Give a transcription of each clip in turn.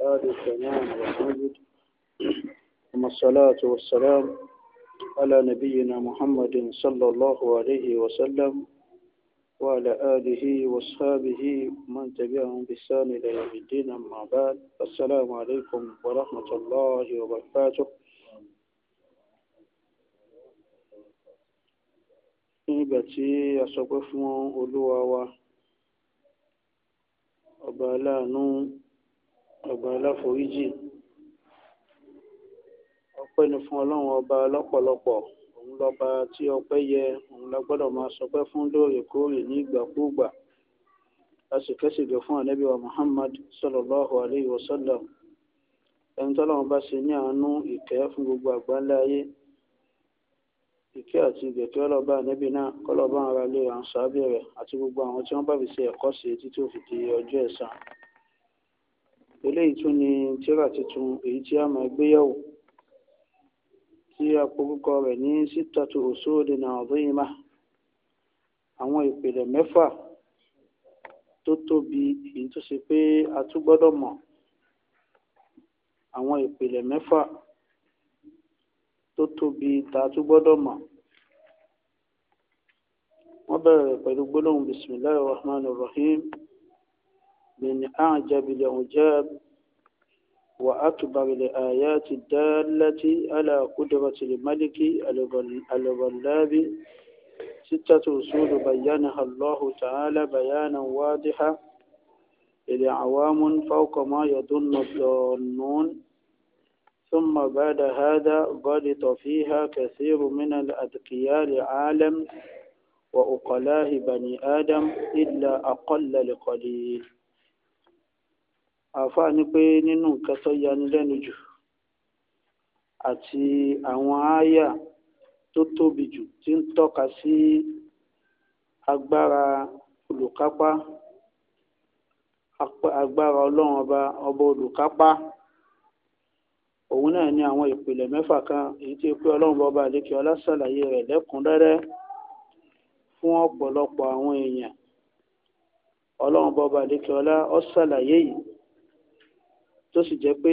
هذا السلام والحمد ثم الصلاة والسلام على نبينا محمد صلى الله عليه وسلم وعلى آله وأصحابه من تبعهم بإحسان إلى يوم الدين أما بعد السلام عليكم ورحمة الله وبركاته nígbà tí a sọ pé fún olúwa wa ọba aláàánú ọba aláforíjì ọpẹ́ ni fún ọlọ́run ọba lọ́pọ̀lọpọ̀ òun lọ́ba tí ọpẹ́ yẹ òun la gbọ́dọ̀ máa sọpẹ́ fún lóòrèkóòrè ní ìgbàkúùgbà lásìkẹsìgbè fún ànábì wa Muhammad sallallahu alayhi wa sallam ẹni tọ́lọ́run bá ṣe ní àánú ìkẹ́ fún gbogbo àgbáńlá ayé ìkẹ́ àti ìgbẹ̀kẹ́ ọlọ́ba ànábì náà kọ́lọ́ba ara lè ránṣọ́ abẹ́rẹ́ àti gbogbo àwọn tí wọ́n bá fi ṣe ẹ̀kọ́ sí etí tó di ọjọ́ ẹ̀san eléyìí tún ni tírà tuntun èyí tí a máa gbéyàwó tí a korúkọ rẹ̀ ní sítàtù usulin azimah àwọn ìpìlẹ̀ mẹ́fà tó tóbi èyí tó ṣe pé a tún gbọ́dọ̀ mọ̀ àwọn ìpìlẹ̀ mẹ́fà tó tóbi tá a tún gbọ́dọ̀ mọ̀ wọ́n bẹ̀rẹ̀ pẹ̀lú gbólóhùn bisimilahi rahman rahim. من أعجب الأعجاب وأكبر الآيات الدالة على قدرة الملك الغلاب ستة أصول بينها الله تعالى بيانا واضحا لعوام فوق ما يظن الظنون ثم بعد هذا غلط فيها كثير من الأذكياء العالم وأقلاه بني آدم إلا أقل لقليل àáfàá ni pé nínú nǹkan tó yani lẹ́nu jù àti àwọn ááyà tó tóbi jù tí ń tọ́ka sí agbára olùkápá agbára ọlọ́run ọba ọba olùkápá òun náà ni àwọn ìpìlẹ̀ mẹ́fà kan èyí tí pé ọlọ́run bọba àlékè ọlá ṣàlàyé rẹ̀ lẹ́kùnrẹ́rẹ́ fún ọ̀pọ̀lọpọ̀ àwọn èèyàn ọlọ́run bọba àlékè ọlá ó ṣàlàyé yìí tó sì jẹ́ pé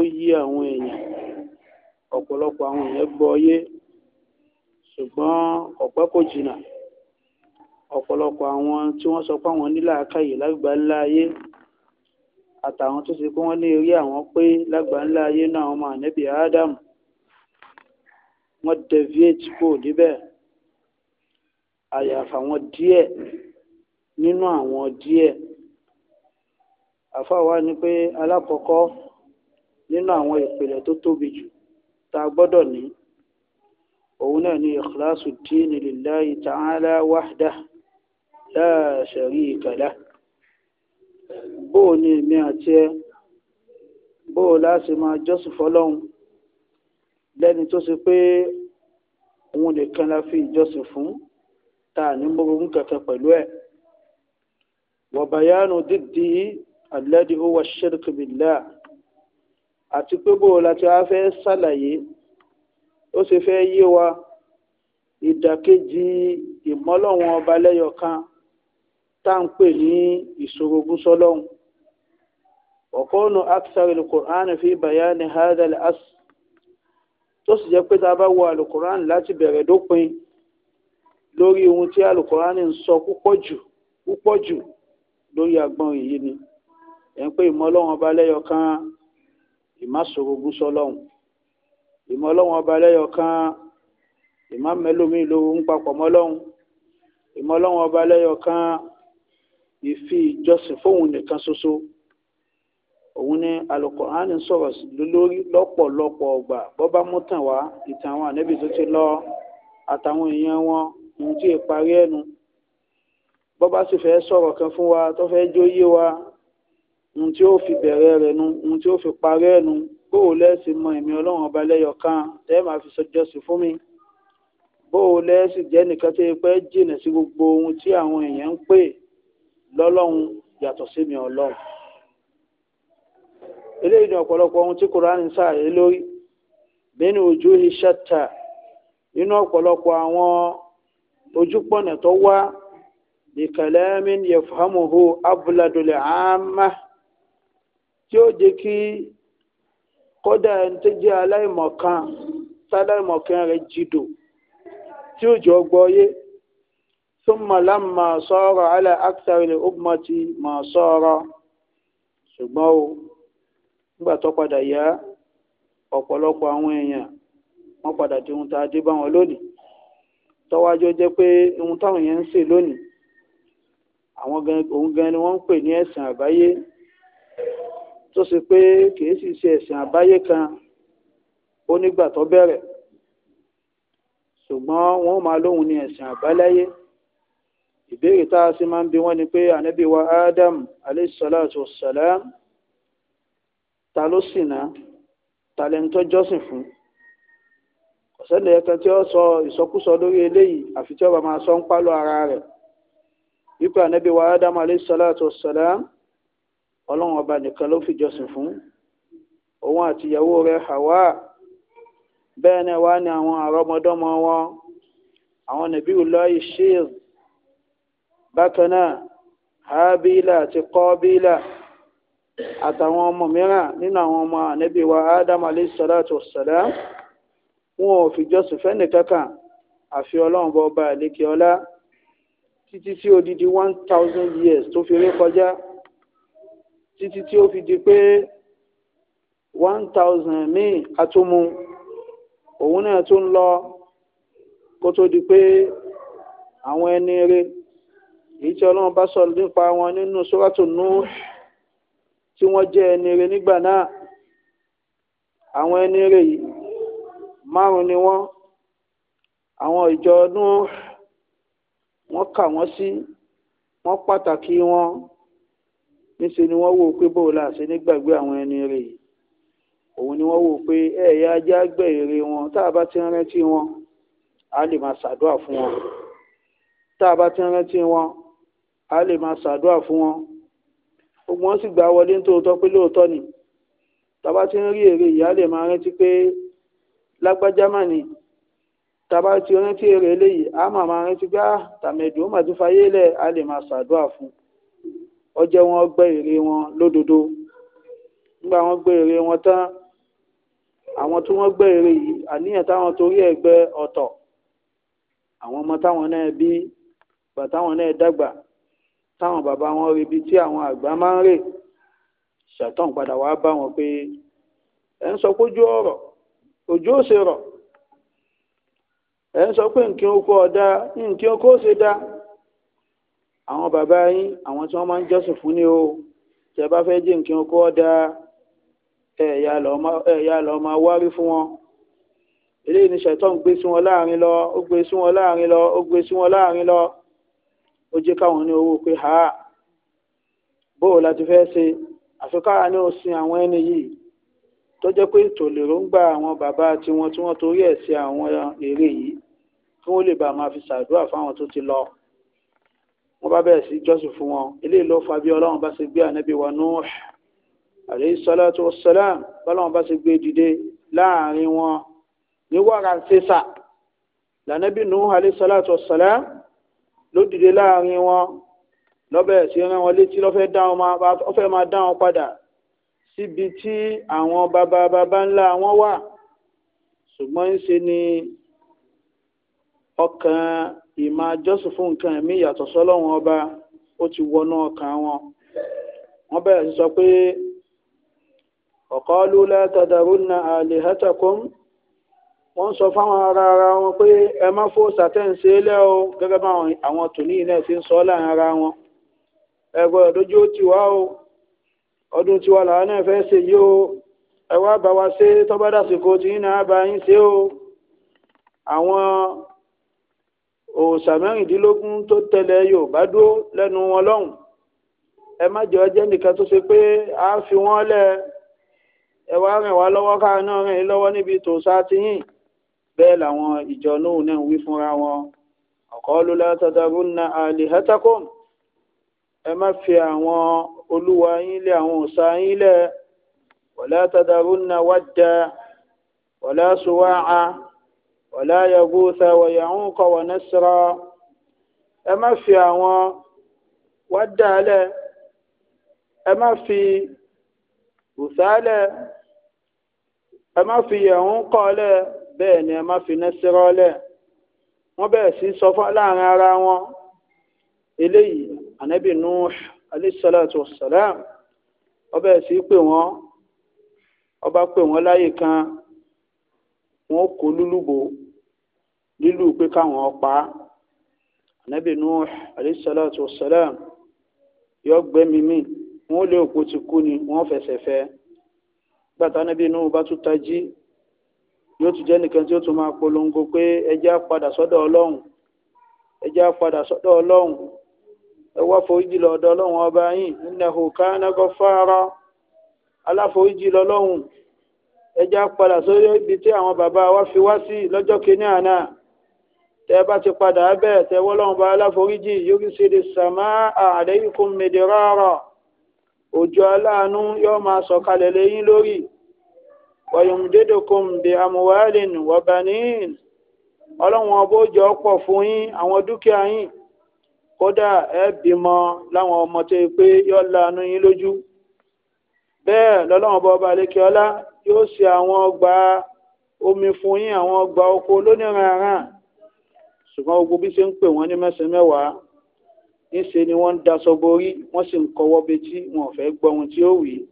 ó yí àwọn èèyàn ọ̀pọ̀lọpọ̀ àwọn èèyàn gbọ́ yé ṣùgbọ́n ọ̀pẹ́ kò jìnnà ọ̀pọ̀lọpọ̀ àwọn tí wọ́n sọ pé àwọn nílàákàyè lágbà ńlá ayé àtàwọn tó ṣe pé wọ́n lè rí àwọn pé lágbà ńlá ayé náà ọmọ ànẹ́bí ádámù wọ́n deviate kò débẹ̀ àyàfà wọn díẹ̀ nínú àwọn díẹ̀ àfáà wa ni pé alákọ̀ọ́kọ́ nínú àwọn ìpìlẹ̀ tó tóbi jù tá a gbọ́dọ̀ ní òun náà ni ikhlasu dini lillahi ta'ala wahdah la sharika lah bóò ni èmi àti ẹ bóò láti máa jọ́sìn fọlọ́hun lẹ́ni tó ṣe pé òun nìkan la fi ìjọsìn fún tá ní mọ́gbọ́n kankan pẹ̀lú ẹ̀ wa bayanu alladhi huwa ash-shirku billah àti pé bó o la ti wá fẹ́ ṣàlàyé ó sì fẹ́ yé wa ìdàkejì ìmọ́lọ́wọ́n ọba lẹ́yọ kan tá ń pè ní ìṣorogún sọ́lọ́hún ọ̀kọ́nù aksari alukur'an fi bayani hadha al-as tó sì jẹ́ pé tá a bá wo alukur'an láti bẹ̀rẹ̀ dópin lórí ohun tí alukur'an ń sọ púpọ̀ jù púpọ̀ jù lórí agbọ́n yìí ni ẹ̀ ń pé ìmọ̀ ọlọ́run ọba lẹ́yọ kan ìmásòrògùn sọlọ́run ìmọ̀ ọlọ́run ọba lẹ́yọ kan ìmọ̀mẹ́lòmíì ló ń papọ̀ mọ́lọ́run ìmọ̀ ọlọ́run ọba lẹ́yọ kan ìfi ìjọsìn fóun nìkan ṣoṣo òun ni alukoran sọ̀rọ̀ lórí lọ́pọ̀lọpọ̀ ọgbà bọ́bá mú wá ìtàn àwọn ànẹ́bí tó ti lọ àtàwọn èèyàn wọn ohun tí ì parí ẹnu bọ́bá sì fẹ́ sọ̀rọ̀ kan fún wa tó fẹ́ jó yé wa ohun tí ó fi bẹ̀rẹ̀ rẹ̀ nu ohun tí ó fi parẹ́ nu bóò lẹ́sìn mọ èmi ọlọ́run ọba lẹ́yọ̀ kan tẹ́ máa fi sọjọ́sìn fún mi bóò lẹ́sìn jẹ́ nìkan tó yẹ pé jìnà sí gbogbo ohun tí àwọn èèyàn ń pè lọ́lọ́run yàtọ̀ sí mi ọlọ́run eléyìí ni ọ̀pọ̀lọpọ̀ ohun tí kuraani sáré lórí bẹ́ẹ̀ni ojú ìṣẹ́ta nínú ọ̀pọ̀lọpọ̀ àwọn ojúpọ̀nà tó wá bi kalamin yafhamuhu abladul aamah tí ó jẹ́ kí kódà ẹni tó jẹ́ aláìmọ̀kan táláìmọ̀kan rẹ̀ jìdò tí ó jọ gbọ́yé súnmọ́ lámà sọ̀rọ̀ alẹ́ akitari ọgbọ́ntì mà sọ̀rọ̀ ṣùgbọ́n o nígbà tó padà yá ọ̀pọ̀lọpọ̀ àwọn èèyàn wọ́n padà di ohun tá a dé bá wọn lónìí tọ́wájú jẹ́ pé ohun táwọn èèyàn ń ṣe lónìí àwọn òun gan ni wọ́n ń pè ní ẹ̀sìn àbáyé tó ṣe pé kìí sì ṣe ẹ̀sìn àbáyé kan ó nígbà tó bẹ̀rẹ̀ ṣùgbọ́n wọn ó máa lóhun ní ẹ̀sìn àbáláyé ìbéèrè tá a sì máa ń bi wọ́n ni pé ànábì wa Adam aleyhisalatu wasalam ta ló sì ná ta lẹni tó jọ́sìn fún ọ̀sẹ́lẹ̀ ẹ̀kan tí ó sọ ìsọkúsọ lórí eléyìí àfi tí ó bá máa sọ ń pálọ̀ ara rẹ̀ wípé ànábì wa Adam aleyhisalatu wasalam ọlọ́run ọba nìkan ló fìjọsìn fún òun àtìyàwó rẹ̀ Hawa bẹ́ẹ̀ náà wá ní àwọn àrọ́mọdọ́mọ wọn àwọn nàbí ulọ́yì sheer bákan náà habila àti kọ́bílà àtàwọn ọmọ mìíràn nínú àwọn ọmọ ànábì wa Adam alayhi salatu wassalam wọn ò fìjọsìn fẹ́ni kankan àfi ọlọ́run bọ́ ọba àlékè ọlá títí tí odidi one thousand years tó fi rí kọjá títí tí ó fi di pé one thousand míì atúmú òun náà tún lọ kó tó di pé àwọn ẹni rẹ èyí tí ọlọ́run bá sọ̀rọ̀ nípa wọn nínú sóràtò Nuh tí wọ́n jẹ́ ẹni rẹ nígbà náà àwọn ẹni rẹ yìí márùn ni wọ́n àwọn ìjọ Nuh wọ́n kà wọ́n sí wọ́n pàtàkì wọn níṣẹ́ ni wọ́n wò pé bó la ṣe nígbàgbé àwọn ẹni rẹ̀ yìí òun ni wọ́n wò pé ẹ̀yà ajá gbẹ̀ èrè wọn tá a bá ti rántí wọn a lè máa ṣàdúrà fún wọn tá a bá ti rántí wọn a lè máa ṣàdúrà fún wọn gbogbo wọn sì gbà wọlé nítòótọ́ pé lóòótọ́ ni tá a bá ti ń rí èrè yìí a lè máa rántí pé lágbájá tá a bá ti rántí èrè eléyìí a máa máa rántí pé ah, tàmẹ̀dùn ó mà ti fayé lẹ̀ a lè máa ṣàdúrà fún un ó jẹ́ wọ́n gbẹ́ ère wọn lódodo nígbà wọn gbẹ́ ère wọn tán àwọn tí wọn gbẹ́ ère yìí àníyàn táwọn torí ẹ̀ gbẹ́ ọ̀tọ̀ àwọn ọmọ táwọn náà bí gbà táwọn náà dàgbà táwọn bàbá wọn rebi tí àwọn àgbà máa ń rè ṣàtàn padà wàá bá wọn pé ẹ ń sọ pójú ọ̀rọ̀ òjò ò ṣe rọ̀ ẹ ń sọ pé nǹkan oko ọ̀dà nǹkan oko ó ṣe dáa àwọn bàbá yín àwọn tí wọ́n máa ń jọ́sìn fún ni o tẹ́ bá fẹ́ jẹ́ nǹkan kó da ẹ̀yà lọ́ máa wárí fún wọn eléyìí ni ṣẹ̀tọ́n gbé sí wọn láàrin lọ ó gbé sí wọn láàrin lọ ó gbé sí wọn láàrin lọ ó jẹ́ káwọn ní owó pé ha bóò láti fẹ́ ṣe àfikára ní òsìn àwọn ẹni yìí tó jẹ́ pé ìtòlérògbà àwọn bàbá tiwọn tí wọ́n torí ẹ̀ sí àwọn èrè yìí kí wọ́n lè bá máa fi ṣàdúrà fáwọn tó ti lọ wọ́n bá bẹ̀rẹ̀ sí jọ́sìn fún wọn eléyìí ló fa bí ọlọ́run bá ṣe gbé ànábì wa Nuh alayhi salatu wassalam bọ́lọ́run bá ṣe gbé dìde láàrin wọn ní wàrà ṣèṣà lànàbì Nuh alayhi salatu wassalam ló dìde láàrin wọn lọ́bẹ̀rẹ̀ sí rán wọn létí lọ́fẹ́ dá wọn ọfẹ́ máa dá padà síbi tí àwọn bàbá bàbá ńlá wọn wà ṣùgbọ́n ń ṣe ni ọkàn ìmọ̀ àjọsìn fún nǹkan ẹ̀mí ìyàtọ̀ sọ́lọ́run ọba ó ti wọnú ọkàn wọn wọ́n bẹ̀rẹ̀ sí sọ pé ọ̀kọ́lù látàdàrúnà àlèhátàkùn wọ́n sọ fáwọn ara ara wọn pé ẹ má fò o gẹ́gẹ́ bá àwọn tòní náà ti ń sọ láàrin ara wọn ó ti wá o ọdún tiwa làwọn náà fẹ́ ṣe o ẹ wá bá wa ṣe tọ́bádàsíkò tí ń náà bá yín ṣe o àwọn òòṣà mẹ́rìndínlógún tó tẹ̀lé yorùbá dúró lẹ́nu wọn lọ́hùn ẹ má jẹ́ ọjẹ́ nìkan tó ṣe pé a fi wọ́n lẹ̀ ẹ wá rìn wá lọ́wọ́ káà náà rìn yín lọ́wọ́ níbi t'i tiyín bẹ́ẹ̀ làwọn ìjọ nóò náà wí fúnra wọn ọ̀kọ́ ló látàdàrúnà àlìhẹ́tàkùn ẹ má fi àwọn olúwa yín lé àwọn òòṣà yín lẹ̀ wọ̀lá tàdàrúnà wájà wọ̀lá sùwàá wàlá yagúsà wàyàhún kọ wà násìrà ẹ má fi àwọn wá dálẹ̀ ẹ má fi òsálẹ̀ ẹ má fi yẹ̀hún kọ́lẹ̀ bẹ́ẹ̀ ni ẹ má fi násìrà lẹ̀ wọ́n bẹ̀rẹ̀ sí sọ fún láàrin ara wọn eléyìí ànábì Nuh alayhisalatu wassalam ọba ẹ̀sìn pè wọ́n ọba pè wọ́n láyè kan wọ́n kó lúlúbò lílù pé káwọn pa á ànábì alayisalaatu alayhisalatu yọ gbẹ́mí mi wọ́n lé òkú ti kú ni wọn fẹsẹ̀ fẹ́ gbàtà ànábì Nuh bá tún tají yóò tún jẹ́ nìkan tí ó tún máa polongo pé padà ọba yín aláforíjì sọdọ ibi tí àwọn bàbá wa fi wá sí tẹ bá ti padà bẹ́ẹ̀ tẹ wọ́lọ́run bá aláforíjì yóò ṣe lè sàmá àdéhìkún mẹdẹ̀rọ̀rọ̀ òjò aláàánú yóò máa sọ̀kalẹ̀ lẹ́yìn lórí wàyọ̀mùdédòkùn bí amúwálìn wọ̀bàníìn ọlọ́run ọbójọ́ pọ̀ fún yín àwọn dúkìá yín kódà ẹ bímọ láwọn ọmọ tó yẹ pé yóò láàánú yín lójú bẹ́ẹ̀ lọ́lọ́run bọ́ ọba lẹ́kẹ́ọ́lá yóò ṣe àwọn ọgbà omi fún yín àwọn ọgbà oko lóníranran ṣùgbọ́n gbogbo bí ṣe ń pè wọ́n ní mẹ́sàn-án mẹ́wàá níṣe ni wọ́n ń daṣọ borí wọ́n sì ń kọwọ́ betí wọn ò fẹ́ gbọ́ ohun tí ó wì í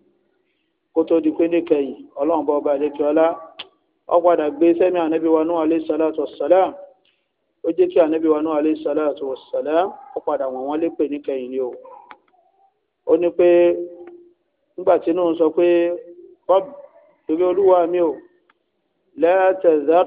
kó tó di pé níkẹyìn ọlọ́run bá ọba àlejò ọlá ó padà gbé sẹ́mi ànábì wa Nuhu alayhi salatu ó jẹ́ kí ànábì wa Nuhu alayhi salatu ó padà wọ̀n wọ́n lépè níkẹyìn ni o ó ní pé nígbà tí Nuhu sọ pé Rabb eré olúwa mi o la tazar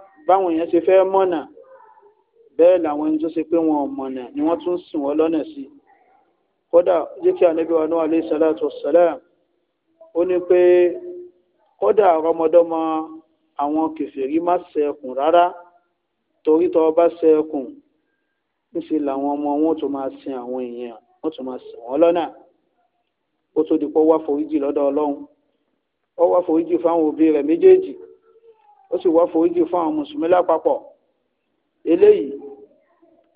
báwọn èèyàn ṣe fẹ́ mọ̀nà bẹ́ẹ̀ làwọn ẹni tó ṣe pé wọn mọ̀nà ni wọ́n tún sìn wọ́n lọ́nà sí kódà jẹ́ kí ànábì wa Nuhu alayhi salatu wassalam ó ní pé kódà ọmọdọ́mọ àwọn kèfèrí má ṣẹkùn rárá torí tọ́ bá ṣẹkùn níṣẹ́ làwọn ọmọ wọn tó máa sin àwọn èèyàn wọ́n tún máa sìn wọ́n lọ́nà ó tó di pọ́ wá foríjì lọ́dọ̀ ọlọ́run ó wá foríjì fáwọn òbí rẹ̀ méjèèjì ó sì wá foríjì fún àwọn mùsùlùmí lápapọ̀ eléyìí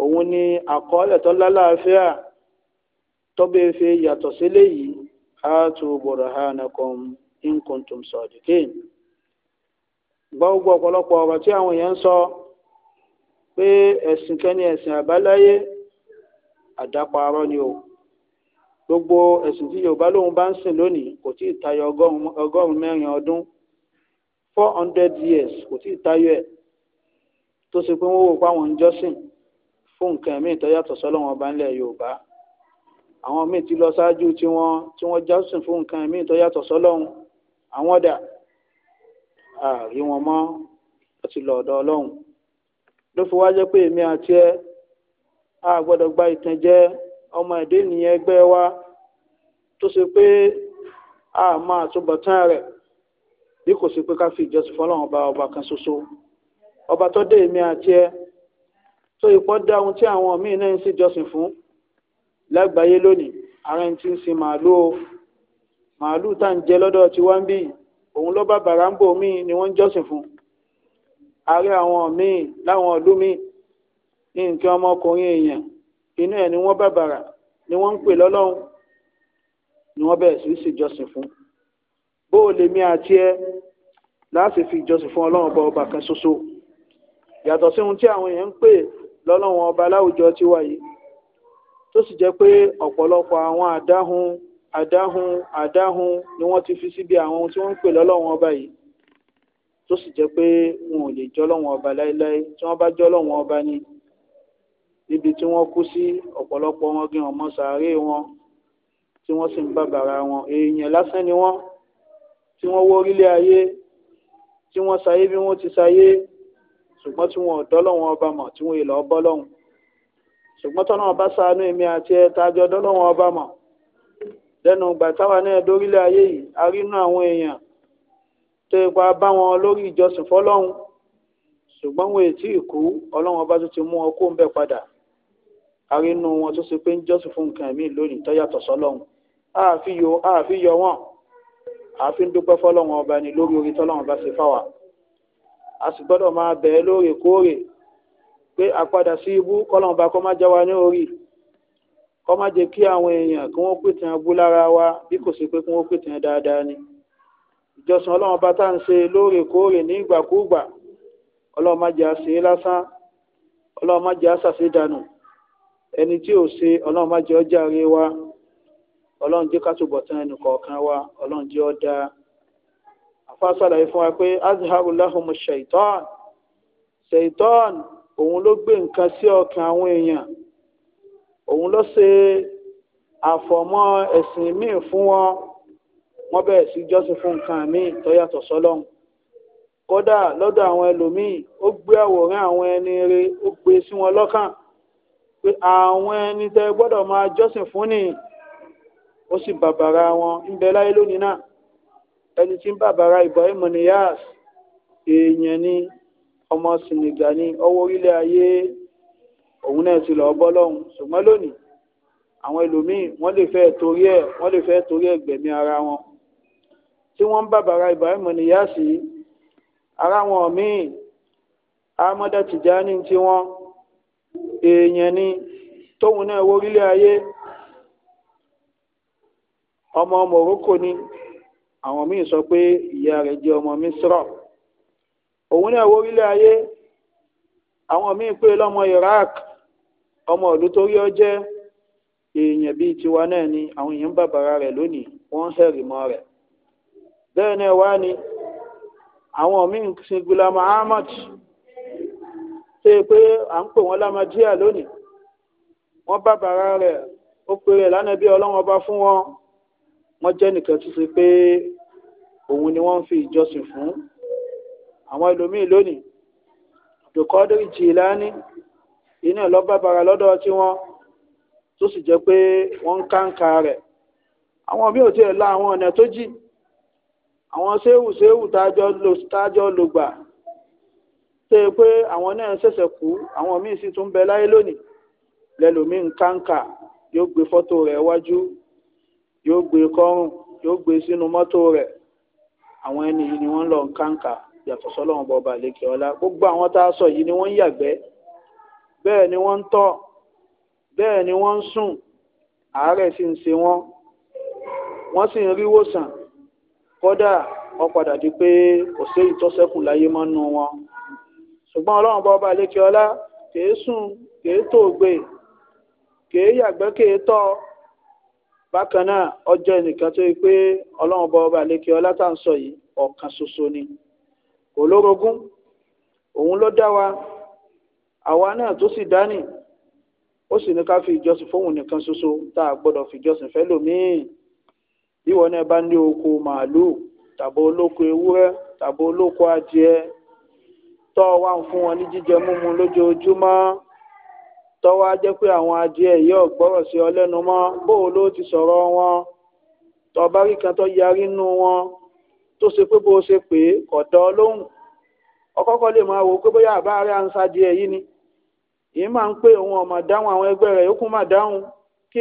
òun ni àkọọ́lẹ̀ tó lálàáfíà tọ́bẹ̀ fi yàtọ̀ sí eléyìí àtú burhanakum in kuntum sadiqin gbọ́gbọ́ ọ̀pọ̀lọpọ̀ ọ̀rọ̀ tí àwọn èèyàn ń sọ pé ẹ̀sìn kẹ́ni ẹ̀sìn àbáláyé àdáparọ́ ni o gbogbo ẹ̀sìn tí Yorùbá lòun bá ń sìn lónìí kò tí ì tayọ ọgọ́rùn-ún mẹ́rin ọdún four hundred years kò tí ì tayọ ẹ̀ tó ṣe pé wọ́n wò pé àwọn ń jọ́sìn fún nǹkan míì tó yàtọ̀ sọ́lọ́wọ́n ọba ńlẹ̀ yorùbá àwọn míì ti lọ ṣáájú tí wọ́n tí wọ́n jọ́sìn fún nǹkan míì tó yàtọ̀ sọ́lọ́wọ́n àwọn dà àrí wọn mọ́ ó ti lọ ọ̀dọ̀ ọlọ́run ló fi wá jẹ́ pé èmi àti ẹ a gbọ́dọ̀ gba ìtànjẹ ọmọ ẹ̀dẹ́ nìyẹn ẹgbẹ́ wa tó ṣe pé a máa túbọ̀ tán rẹ̀ bí kò sí pé ká fi ìjọsìn fọlọ́run ba ọba kan ṣoṣo ọba tó dé èmi àti ẹ tó ipọ́ dá ohun tí àwọn míín náà ń sì jọsìn fún lágbàáyé lónìí ara ẹni tí ń sin màálùú o màálùú tá ń jẹ lọ́dọ̀ tí wọ́n ń bì òun ló bá bàràǹbò míín ni wọ́n ń jọsìn fún ààrẹ àwọn míín láwọn ọdún míín nǹkan ọmọkùnrin èèyàn inú ẹ̀ ni wọ́n bàbàrà ni wọ́n ń pè lọ́lọ́run ni wọ́n bẹ̀rẹ̀ sí í ṣèjọsìn fún bó o lèmi àti ẹ láti fi ìjọsìn fún ọlọ́run ọba ọba kan ṣoṣo yàtọ̀ sí ohun tí àwọn èèyàn ń pè lọ́lọ́run ọba láwùjọ tiwa yìí tó sì jẹ́ pé ọ̀pọ̀lọpọ̀ àwọn àdáhùn àdáhùn àdáhùn ni wọ́n ti fi síbi àwọn ohun tí wọ́n ń pè lọ́lọ́run ọba yìí tó sì jẹ́ pé wọn ò lè jọ́lọ́run ọba láéláé tí wọ́n bá jọ́lọ́run ọba ni níbi tí wọ́n kú sí ọ̀pọ̀lọpọ̀ wọn gan ọmọ sàárè wọn tí wọ́n sì ń bàbàrà wọn èèyàn lásán ni wọ́n tí wọ́n wó orílẹ̀ ayé tí wọ́n sayé bí wọ́n ti sayé ṣùgbọ́n tí wọn ò dọ́lọ́wọ́n ọba mọ̀ tí wọn èlò ọbọ́ lọ́hùn ṣùgbọ́n tọ́nà ọba ṣàánú èmi àti ẹ tájọ dọ́lọ́wọ́n ọba mọ̀ lẹ́nu ìgbà táwa náà dórílẹ̀ ayé yìí a rí inú àwọn èèyàn tó ipa bá wọn lórí ìjọsìn fọlọ́hún ṣùgbọ́n wọn ètí ìkú ọlọ́run ọba tó ti mú wọn kó padà a rí inú wọn tó ṣe pé ń jọ́sìn fún nǹkan míì lónìí tó yàtọ̀ sọ́lọ́hún àfi yọ wọn àfi ń dúpẹ́ fọlọ́wọn ọba ni lórí orí tọ́lọ́wọn bá ṣe fáwa a sì gbọ́dọ̀ máa bẹ̀ ẹ́ lóòrèkóòrè pé àpadà sí ibú kọ́lọ́wọn bá kọ́ má já wa ní orí kọ́ má jẹ́ kí àwọn èèyàn kí wọ́n pìtàn abú lára wa bí kò sí pé kí wọ́n pìtàn dáadáa ni ìjọsìn ọlọ́wọ́n bá tá à ń ṣe lóòrèkóòrè ní ìgbàkúùgbà ọlọ́wọ́n má jẹ́ àṣe lásán ọlọ́wọ́n má jẹ́ àṣàṣe dànù ẹni tí ò ṣe ọlọ́wọ́n má jẹ́ ọjà rẹ wa ọlọ́run jẹ́ ká túbọ̀ tán ẹnì kọ̀ọ̀kan wa ọlọ́run jẹ́ ọ́ dáa àfa sàlàyé fún wa pé azharu lahum shaitan shaitan òun ló gbé nǹkan sí ọkàn àwọn èèyàn òun ló ṣe àfọ̀mọ́ ẹ̀sìn míì fún wọn wọ́n bẹ̀rẹ̀ sí jọ́sìn fún nǹkan míì tó yàtọ̀ sọ́lọ́run kódà lọ́dọ̀ àwọn ẹlòmíì ó gbé àwòrán àwọn ẹni rẹ̀ ó gbé e sí wọn lọ́kàn pé àwọn ẹni tẹ́ gbọ́dọ̀ máa jọ́sìn fún nìyí ó sì bàbàrà wọn ń bẹ láyé lónìí náà ẹni tí ń bàbàrà Ibrahim Niyas èèyàn ni ọmọ Senegal ni ọwọ́ orílẹ̀ ayé òun náà ti lọ́ọ́ bọ́ lọ́hùn ṣùgbọ́n lónìí àwọn ẹlòmíín wọ́n lè fẹ́ torí ẹ̀ wọ́n lè fẹ́ torí ẹ̀ gbẹ̀mí ara wọn tí wọ́n ń bàbàrà Ibrahim Niyas yìí ara wọn míì Ahmada Tijani ti wọn èèyàn ni tóun náà wọ orílẹ̀ ayé ọmọ Morocco ni àwọn míì sọ pé ìyá rẹ̀ jẹ́ ọmọ Misra òun ní wo orílẹ̀ ayé àwọn míì pé lọmọ Iraq ọmọ ìlú tó ọ jẹ́ èèyàn bíi tiwa náà ni àwọn èèyàn ń bàbàrà rẹ̀ lónìí wọ́n ń ni àwọn míì sin Ahmad ṣe pé à ń pè lónìí ó lánàá bí ọlọ́wọ́n wọ́n jẹ́ nìkan tó ṣe pé òun ni wọ́n ń fi ìjọsìn fún àwọn ẹlòmíín lónìí dòkọ́dírì Jìlání iná lọ́bàbàrà lọ́dọ̀ tí wọ́n tó sì jẹ́ pé wọ́n ń kàǹkà rẹ̀ àwọn bí ò tiẹ̀ la àwọn ọ̀nà tó jì àwọn séwù séwù tájọ́ lògbà tó yẹ pé àwọn náà ṣẹ̀ṣẹ̀ kú àwọn míín sì tún bẹ láyé lónìí lẹ́lòmíín kàǹkà yóò gbé fọ́tò rẹ̀ wájú yóò gbé kọ́rùn yóò gbé sínú mọ́tò rẹ̀ àwọn ẹni yìí ni wọ́n lọ ń kàǹkà yàtọ̀ sọ́lọ́run bọba àlekè ọlá gbogbo àwọn tá a sọ yìí ni wọ́n ń yàgbẹ́ bẹ́ẹ̀ ni wọ́n ń tọ̀ bẹ́ẹ̀ ni wọ́n ń sùn àárẹ̀ sì ń ṣe wọ́n wọ́n sì ń ríwòsàn kódà wọ́n padà di pé kò sí ìtọ́sẹ́kù láyé mọ́ nù wọn ṣùgbọ́n ọlọ́run bọba àlekè ọlá kèé sùn kèé tòògbé kèé yàgbẹ́ kèé tọ̀ bákan náà ọjọ́ ẹnìkan tó yẹ pé ọlọ́run bá ọba lékè ọlátànsọ yìí ọ̀kan ṣoṣo ni kò lórogún òun ló dá wa àwa náà tó sì dání ó sì ní ká fi ìjọsìn fóun nìkan ṣoṣo tá a gbọ́dọ̀ fi ìjọsìn fẹ́ lòmíì bíwọ náà bá ní oko màálùú tàbí olóko ewúrẹ́ tàbí olóko adìẹ tọ́ wa ń fún wọn ní jíjẹ múmu lójoojúmọ́ tọ́wọ́ á pé àwọn adìẹ yìí ọ̀gbọ́rọ̀ sí ọ bóò ló ti sọ̀rọ̀ wọn tọba rí kan tó yarí nú wọn tó ṣe pé bó ṣe lóhùn ọkọ́kọ́ lè máa wò ó pé bóyá àbá à ń sadìẹ yìí ni yìí máa ń pè òun dáhùn àwọn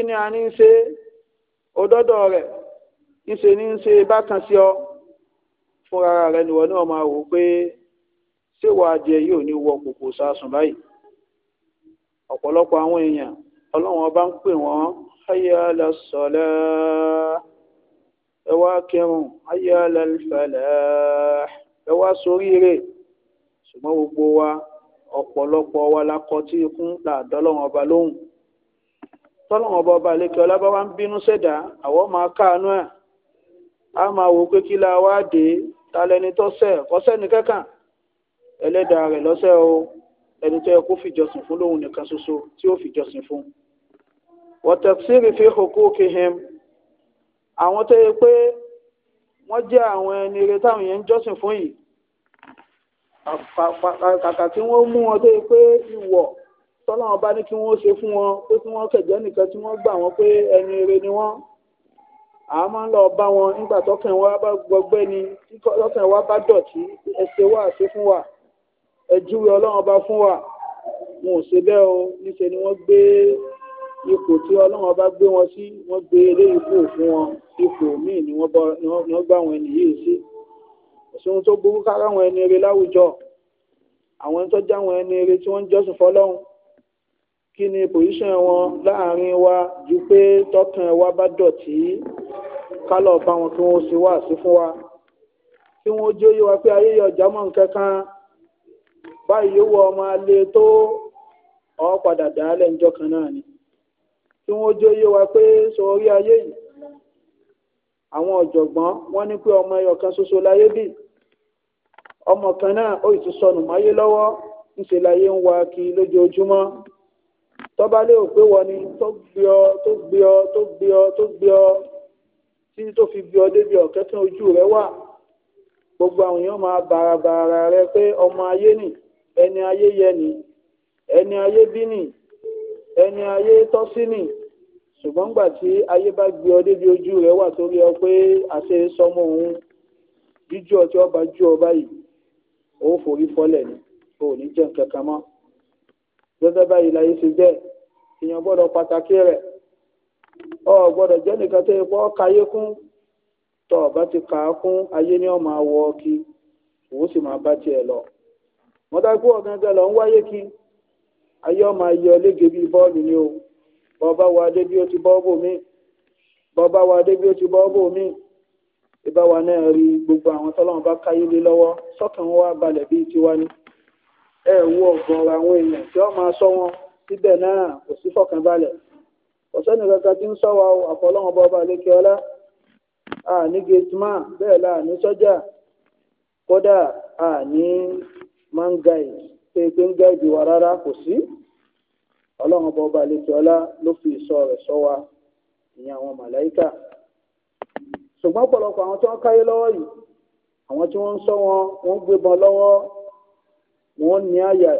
ni a ní í ṣe ńṣe ní ọ fúnra nìwọ náà máa wò ó pé ṣé adìẹ yìí ò ní wọ kòkò sásùn ọ̀pọ̀lọpọ̀ àwọn èèyàn ọlọ́run ọba ń pè wọ́n hayya ala salah ẹ wá kírun hayya soríire ṣùgbọ́n gbogbo wa ọ̀pọ̀lọpọ̀ wa la kọ tí ikún làdọ́lọ́run ọba lóhùn tọ́lọ́run ọba ọba àlekè ọlábá ń bínú sẹ́dá àwọn máa káàánú ẹ̀ a máa wò pé kí la wá dé ta tọ́sẹ̀ kọ́sẹ́ kẹ́kàn ẹlẹ́dàá rẹ̀ lọ́sẹ̀ o ẹni tó yẹ kó fìjọsìn fún lóhun nìkan ṣoṣo tí ó fìjọsìn fún. wọ́tẹ̀sírì fi hukukihim àwọn tó yẹ pé wọ́n jẹ́ àwọn ẹni rẹ táwọn yẹn ń jọ́sìn fún yìí kàkà tí wọ́n mú wọn tó yẹ pé ìwọ̀ tọ́lọ́wọ́n bá ní kí wọ́n ṣe fún wọn pé kí wọ́n kẹ̀jẹ́ nìkan tí wọ́n gbà wọ́n pé ẹni rẹ ni wọ́n àá máa ń lọ bá wọn nígbà tọkàn wa bá gbọgbẹ́ ni tọkàn wa bá dọ̀tí ẹsẹ̀ wa ṣe fún wa ẹjúwe ọlọ́run ọba fún wa wọn ò ṣe bẹ́ẹ̀ o níṣẹ́ ni wọ́n gbé ipò tí ọlọ́run ọba gbé wọn sí wọ́n gbé eléyìí kù fún wọn ipò míì ni wọ́n gbá àwọn ẹni yìí sí òṣùwọ̀n tó burú kára àwọn ẹni eré láwùjọ àwọn ẹni tó já àwọn ẹni eré tí wọ́n ń jọ́sìn fọlọ́run kí ni pòsíṣàn wọn láàrin wa ju pé tọkàn wa bá dọ̀tí ká lọ bá wọn kí wọ́n ṣe wá sí fún wa kí wọ́n jóyè wa pé ayé ọjà mọ́ nǹkan kan báyìí yóò wọ ọmọ alẹ́ tó ọ padà dàálẹ̀ ńjọ́ kan náà ni tí wọ́n jó yé wa pé sọrí ayé yìí àwọn ọ̀jọ̀gbọ́n wọ́n ní pé ọmọ ẹyọ kan ṣoṣo láyé bì ọmọ kan náà ó ì sọnù máyé lọ́wọ́ ńṣe láyé ń wa kí lójoojúmọ́ tọ́ba lé ò pé wọ́n ni tó gbé ọ tó gbé ọ tó gbé ọ tó gbé ọ tí tó fi gbé ọ débi ọ̀kẹ́ ojú rẹ wà gbogbo àwọn èèyàn máa bàràbàrà rẹ pé ọmọ ayé nìyí ẹni ayé yẹni ẹni ayé bíni ẹni ayé tọ́síni ṣùgbọ́n gbà tí ayé bá gbé ọ débi ojú rẹ wà torí ọ pé àṣẹ sọmọ òun jíjọ tí ọba jú ó ni o ní báyìí láyé ṣe èèyàn pàtàkì ọ gbọ́dọ̀ jẹ́ nìkan tó yẹ kó ọ máa wọ ọ kí òun sì máa bá lọ. wọ́n dá pé ọ̀gángan lọ ń wáyé kí ayé ọmọ ayé ọlẹ́gẹ̀ bíi bọ́ọ̀lù ni o bọ́ọ̀bá wa dé bí ó ti bọ́ọ̀bù mi bọ́ọ̀bá wa dé bí ó ti bọ́ọ̀bù mi ìbá wa náà rí gbogbo àwọn tọ́lọ́run bá káyé lé lọ́wọ́ sọ́kàn wa balẹ̀ bíi tiwa ni ẹ wo ọ̀gọ̀ọ̀rọ̀ àwọn èèyàn tí wọ́n máa sọ wọn síbẹ̀ náà kò sí fọ̀kànbalẹ̀ kò sẹ́ni kankan tí ń sọ wa àfọlọ́wọn bọ́ọ̀bá lékè ọlá àní gẹ̀tìmá bẹ́ẹ̀ la àní sọ́jà kódà àní máa ń gáìdì pé pé ń gáìdì wa rárá kò sí ọlọ́run ọba ọba àlejò ọlá ló fi ìṣọ́ rẹ̀ ṣọ́ wa ìyẹn àwọn màláìkà ṣùgbọ́n ọ̀pọ̀lọpọ̀ àwọn tí wọ́n káyé lọ́wọ́ yìí àwọn tí wọ́n ń ṣọ́ wọn wọ́n ń gbébọn lọ́wọ́ wọ́n ní àyà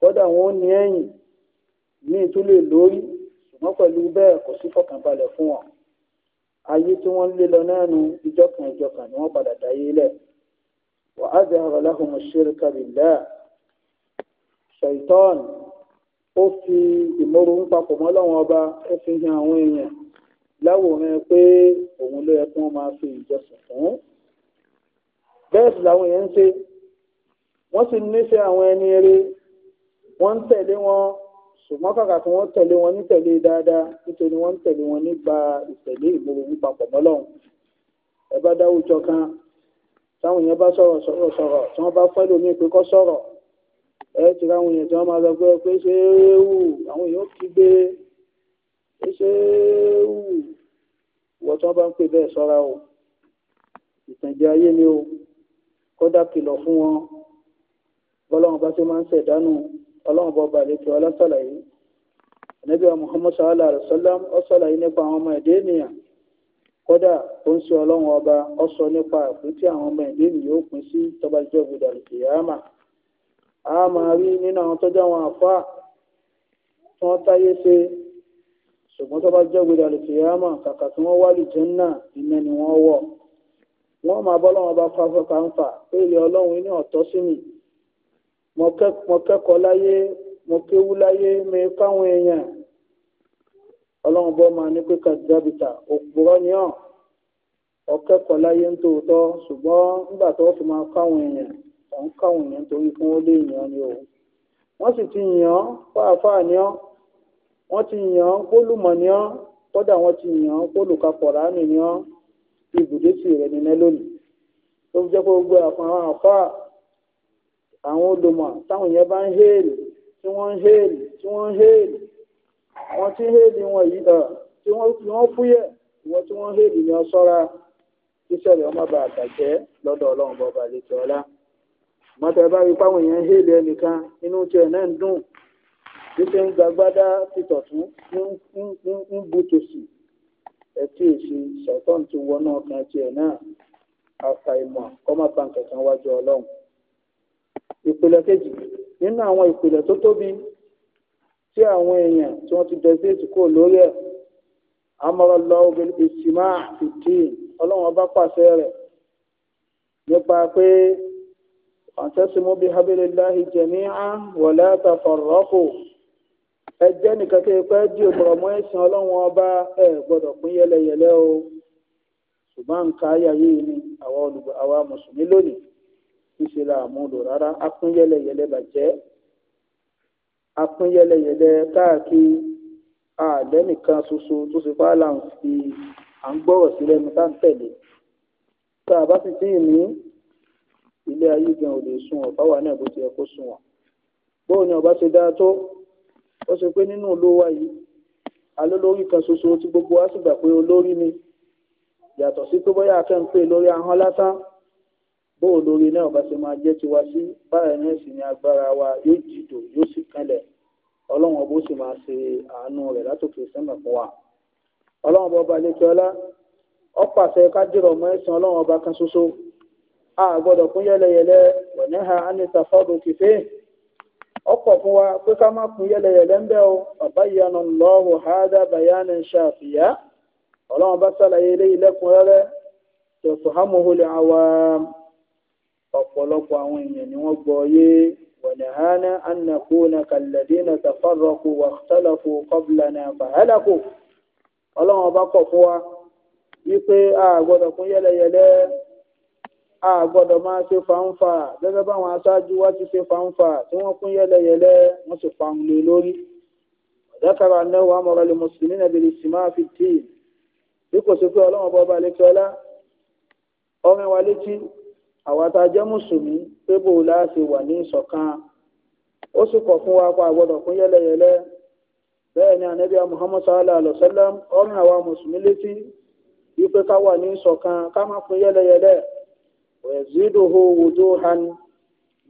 kódà wọ́n ní ẹ̀yìn ní ìtúlẹ̀ lórí ṣùgbọ́n pẹ̀lú bẹ́ẹ̀ kò sí fọkànbalẹ̀ fún wọn ayé tí wọ́n ń lé lọ náà nu ìjọkàn ìjọkàn ni wọ́n padà dáyé lẹ̀ وأظهر لهم الشرك بالله شيطان ó fi ìmọ̀rún papọ̀ mọ́ lọ́wọ́n ọba ó fi hàn àwọn èèyàn láwòrán pé òun ló yẹ kí wọ́n máa fi ìjọsìn fún bẹ́ẹ̀ sì làwọn èèyàn ń ṣe wọ́n sì nífẹ̀ẹ́ àwọn ẹni eré wọ́n ń tẹ̀lé wọn ṣùgbọ́n kàkà kí wọ́n tẹ̀lé wọn ní tẹ̀lé dáadáa nítorí wọ́n ń tẹ̀lé wọn nígbà ìtẹ̀lé ìmọ̀rún papọ̀ mọ́ lọ́wọ́n ẹ bá dáwùjọ kan táwọn èèyàn bá sọ̀rọ̀ sọ̀rọ̀ sọ̀rọ̀ tí wọ́n bá fẹ́ lómi pé kó sọ̀rọ̀ ẹ ti ra àwọn èèyàn tí wọ́n máa lọ gbé pé ṣé wù àwọn èèyàn kígbe pé ṣé wù wọ́n tí wọ́n bá ń pè bẹ́ẹ̀ sọ́ra o ìtànjẹ ayé ni o kódà kìlọ̀ fún wọn bọ́lọ́run bá ṣe máa ń ṣẹ̀dánù ọlọ́run bọ́ balẹ̀ kí ọlá sàlàyé ànábì wa Muhammad sallallahu alaihi wa sallam ọ sàlàyé nípa àwọn ọmọ ẹ̀dẹ́ ènìyàn kódà ó ń ṣe ọlọ́run ọba ó sọ nípa àpín tí àwọn ọmọ ẹ̀dẹ́ ènìyàn ó pín sí tọ́ba jíjọ́ gbèdà lùkìyàmà a máa rí nínú àwọn tọ́jú àwọn àfáà tí wọ́n táyé ṣe ṣùgbọ́n tọ́ba jíjọ́ gbèdà lùkìyàmà kàkà tí wọ́n wá lùjẹ́nnà iná ni wọ́n wọ̀ wọ́n máa bọ́ lọ́wọ́ bá fáfọ́ káńfà pé ilé ọlọ́run iná ọ̀tọ́ sí mi mo kẹ́kọ̀ọ́ láyé mo kéwú láyé mi káwọn èèyàn ọlọ́run bọ́ máa ní pé kàdíjábìtà òpùrọ́ ni ọ́ ọ̀kẹ́kọ̀ọ́ láyé ń tòótọ́ ṣùgbọ́n nígbà tó fi máa káwọn èèyàn òun káwọn èèyàn torí fún ó lé èèyàn ni òun wọ́n sì ti yàn án fáàfáà ni ọ́ wọ́n ti yàn án gbólùmọ̀ ni ọ́ kódà wọ́n ti yàn án gbólùkapọ̀ ni ọ́ ibùdó sì rẹ̀ nínú lónìí tó fi jẹ́ pé gbogbo àwọn àfáà àwọn olùmọ̀ táwọn yẹn bá ń héèlì tí wọ́n ń héèlì tí wọ́n ń héèlì àwọn tí ń héèdì wọn yìí hàn tí wọ́n fúyẹ́ ìwọ́n tí wọ́n héèdì ni ọ sọ́ra kíṣẹ̀lẹ̀ ọmọ bá àtàjẹ́ lọ́dọ̀ ọlọ́run bọba àlejò ọlá mọ́tò bá rí páwọn èèyàn héèdì ẹnìkan inú tiẹ̀ náà ń dùn bí ṣe ń gbagbádá títọ̀ tún ń bu tòsì ẹ tí èsì ṣàtọ́n ti wọnú ọkàn tiẹ̀ náà àfàìmọ̀ kọ́mọ́pàǹkẹ̀kẹ́ wájú ọlọ́run ìpìlẹ̀ kejì nínú àwọn ìpìlẹ̀ tó tóbi tí àwọn èèyàn tí wọ́n ti dẹ̀sẹ̀tì kò lórí ẹ̀ amọ̀rọ̀ lọ obìnrin ìsìmá fìdíì ọlọ́run ọba pàṣẹ rẹ̀ nípa pé àtẹ́símú bíi habilillahi jami'an wala tafarraqu ẹjẹ́ nìkan kí pẹ́ di òmùrọ̀ mọ́ ẹ̀sìn ọlọ́run ọba ẹ̀ gbọ́dọ̀ pín yẹlẹyẹlẹ o ṣùgbọ́n ni àwa mùsùlùmí lónìí la àmúlò rárá a pín yẹlẹyẹlẹ bàjẹ́ apín yẹlẹyẹlẹ káàkiri àdẹ́nìkan ṣoṣo tó ṣe fà là ń fi à ń gbọ́rọ̀ sí lẹ́nu tá ń tẹ̀lé tá a bá sì tí ì ní ilé ayé gan ò lè sun wọn báwa náà bó ti yẹ kó sun wọn bóun ni ọba ṣe dáa tó ó ṣe pé nínú ló wá yìí alólórí kan ṣoṣo tí gbogbo wa sì gbà pé olórí ni yàtọ̀ sí pé bóyá akẹ́ńpé lórí ahọ́n lásán bóò lórí náà bá ṣe máa jẹ́ tiwa sí báyìí náà sì ni agbára wa yóò jìdò yóò sì kanlẹ̀ ọlọ́run ọba ó sì máa ṣe àánú rẹ̀ látòkè sẹ́mẹ̀ fún wa ọlọ́run ọba lẹ́kẹ́ ọlá pàṣẹ mọ́ ẹ̀sìn ọlọ́run ọba kan a gbọ́dọ̀ kìfé fún wa pé ká má ń bẹ́ o bàbá ìyanu lọ́wọ́ hádà ṣàfìyà ọlọ́run ọ̀pọ̀lọpọ̀ àwọn èèyàn ni wọ́n gbọ́ yé wọ̀nàhánà ànàkúnà kàlẹ́dínà tàfàrọ̀kù wàtálàkù kọ́bìlànà fàhálàkù ọlọ́run ọba kọ̀ fún wa wípé a gbọ́dọ̀ kún yẹ́lẹyẹ̀lẹ́ a gbọ́dọ̀ máa ṣe fàǹfà gẹ́gẹ́ báwọn aṣáájú wa ti ṣe fàǹfà tí wọ́n kún yẹ́lẹyẹ̀lẹ́ wọ́n sì fàǹlẹ̀ lórí ọ̀dàkàrà anáwó amọ̀rọ̀lẹ̀ mùsùlùmí nàbẹ̀lẹ̀ sì máa fi tíì bí kò sí pé ọlọ́run ọba ọba àlẹ́kẹ́ àwa tá a jẹ́ mùsùlùmí pé bò láti wà ní ìṣọ̀kan ó sì kọ̀ fún wa pa àgbọ̀dọ̀ fún yẹ́lẹ́yẹ́lẹ́ bẹ́ẹ̀ ni ànábì muhammad sallallahu alayhi wa sallam ọ̀rìn àwa mùsùlùmí létí wípé ká wà ní ìṣọ̀kan ká má fún yẹ́lẹ́yẹ́lẹ́ ẹ̀zídòho wòdó han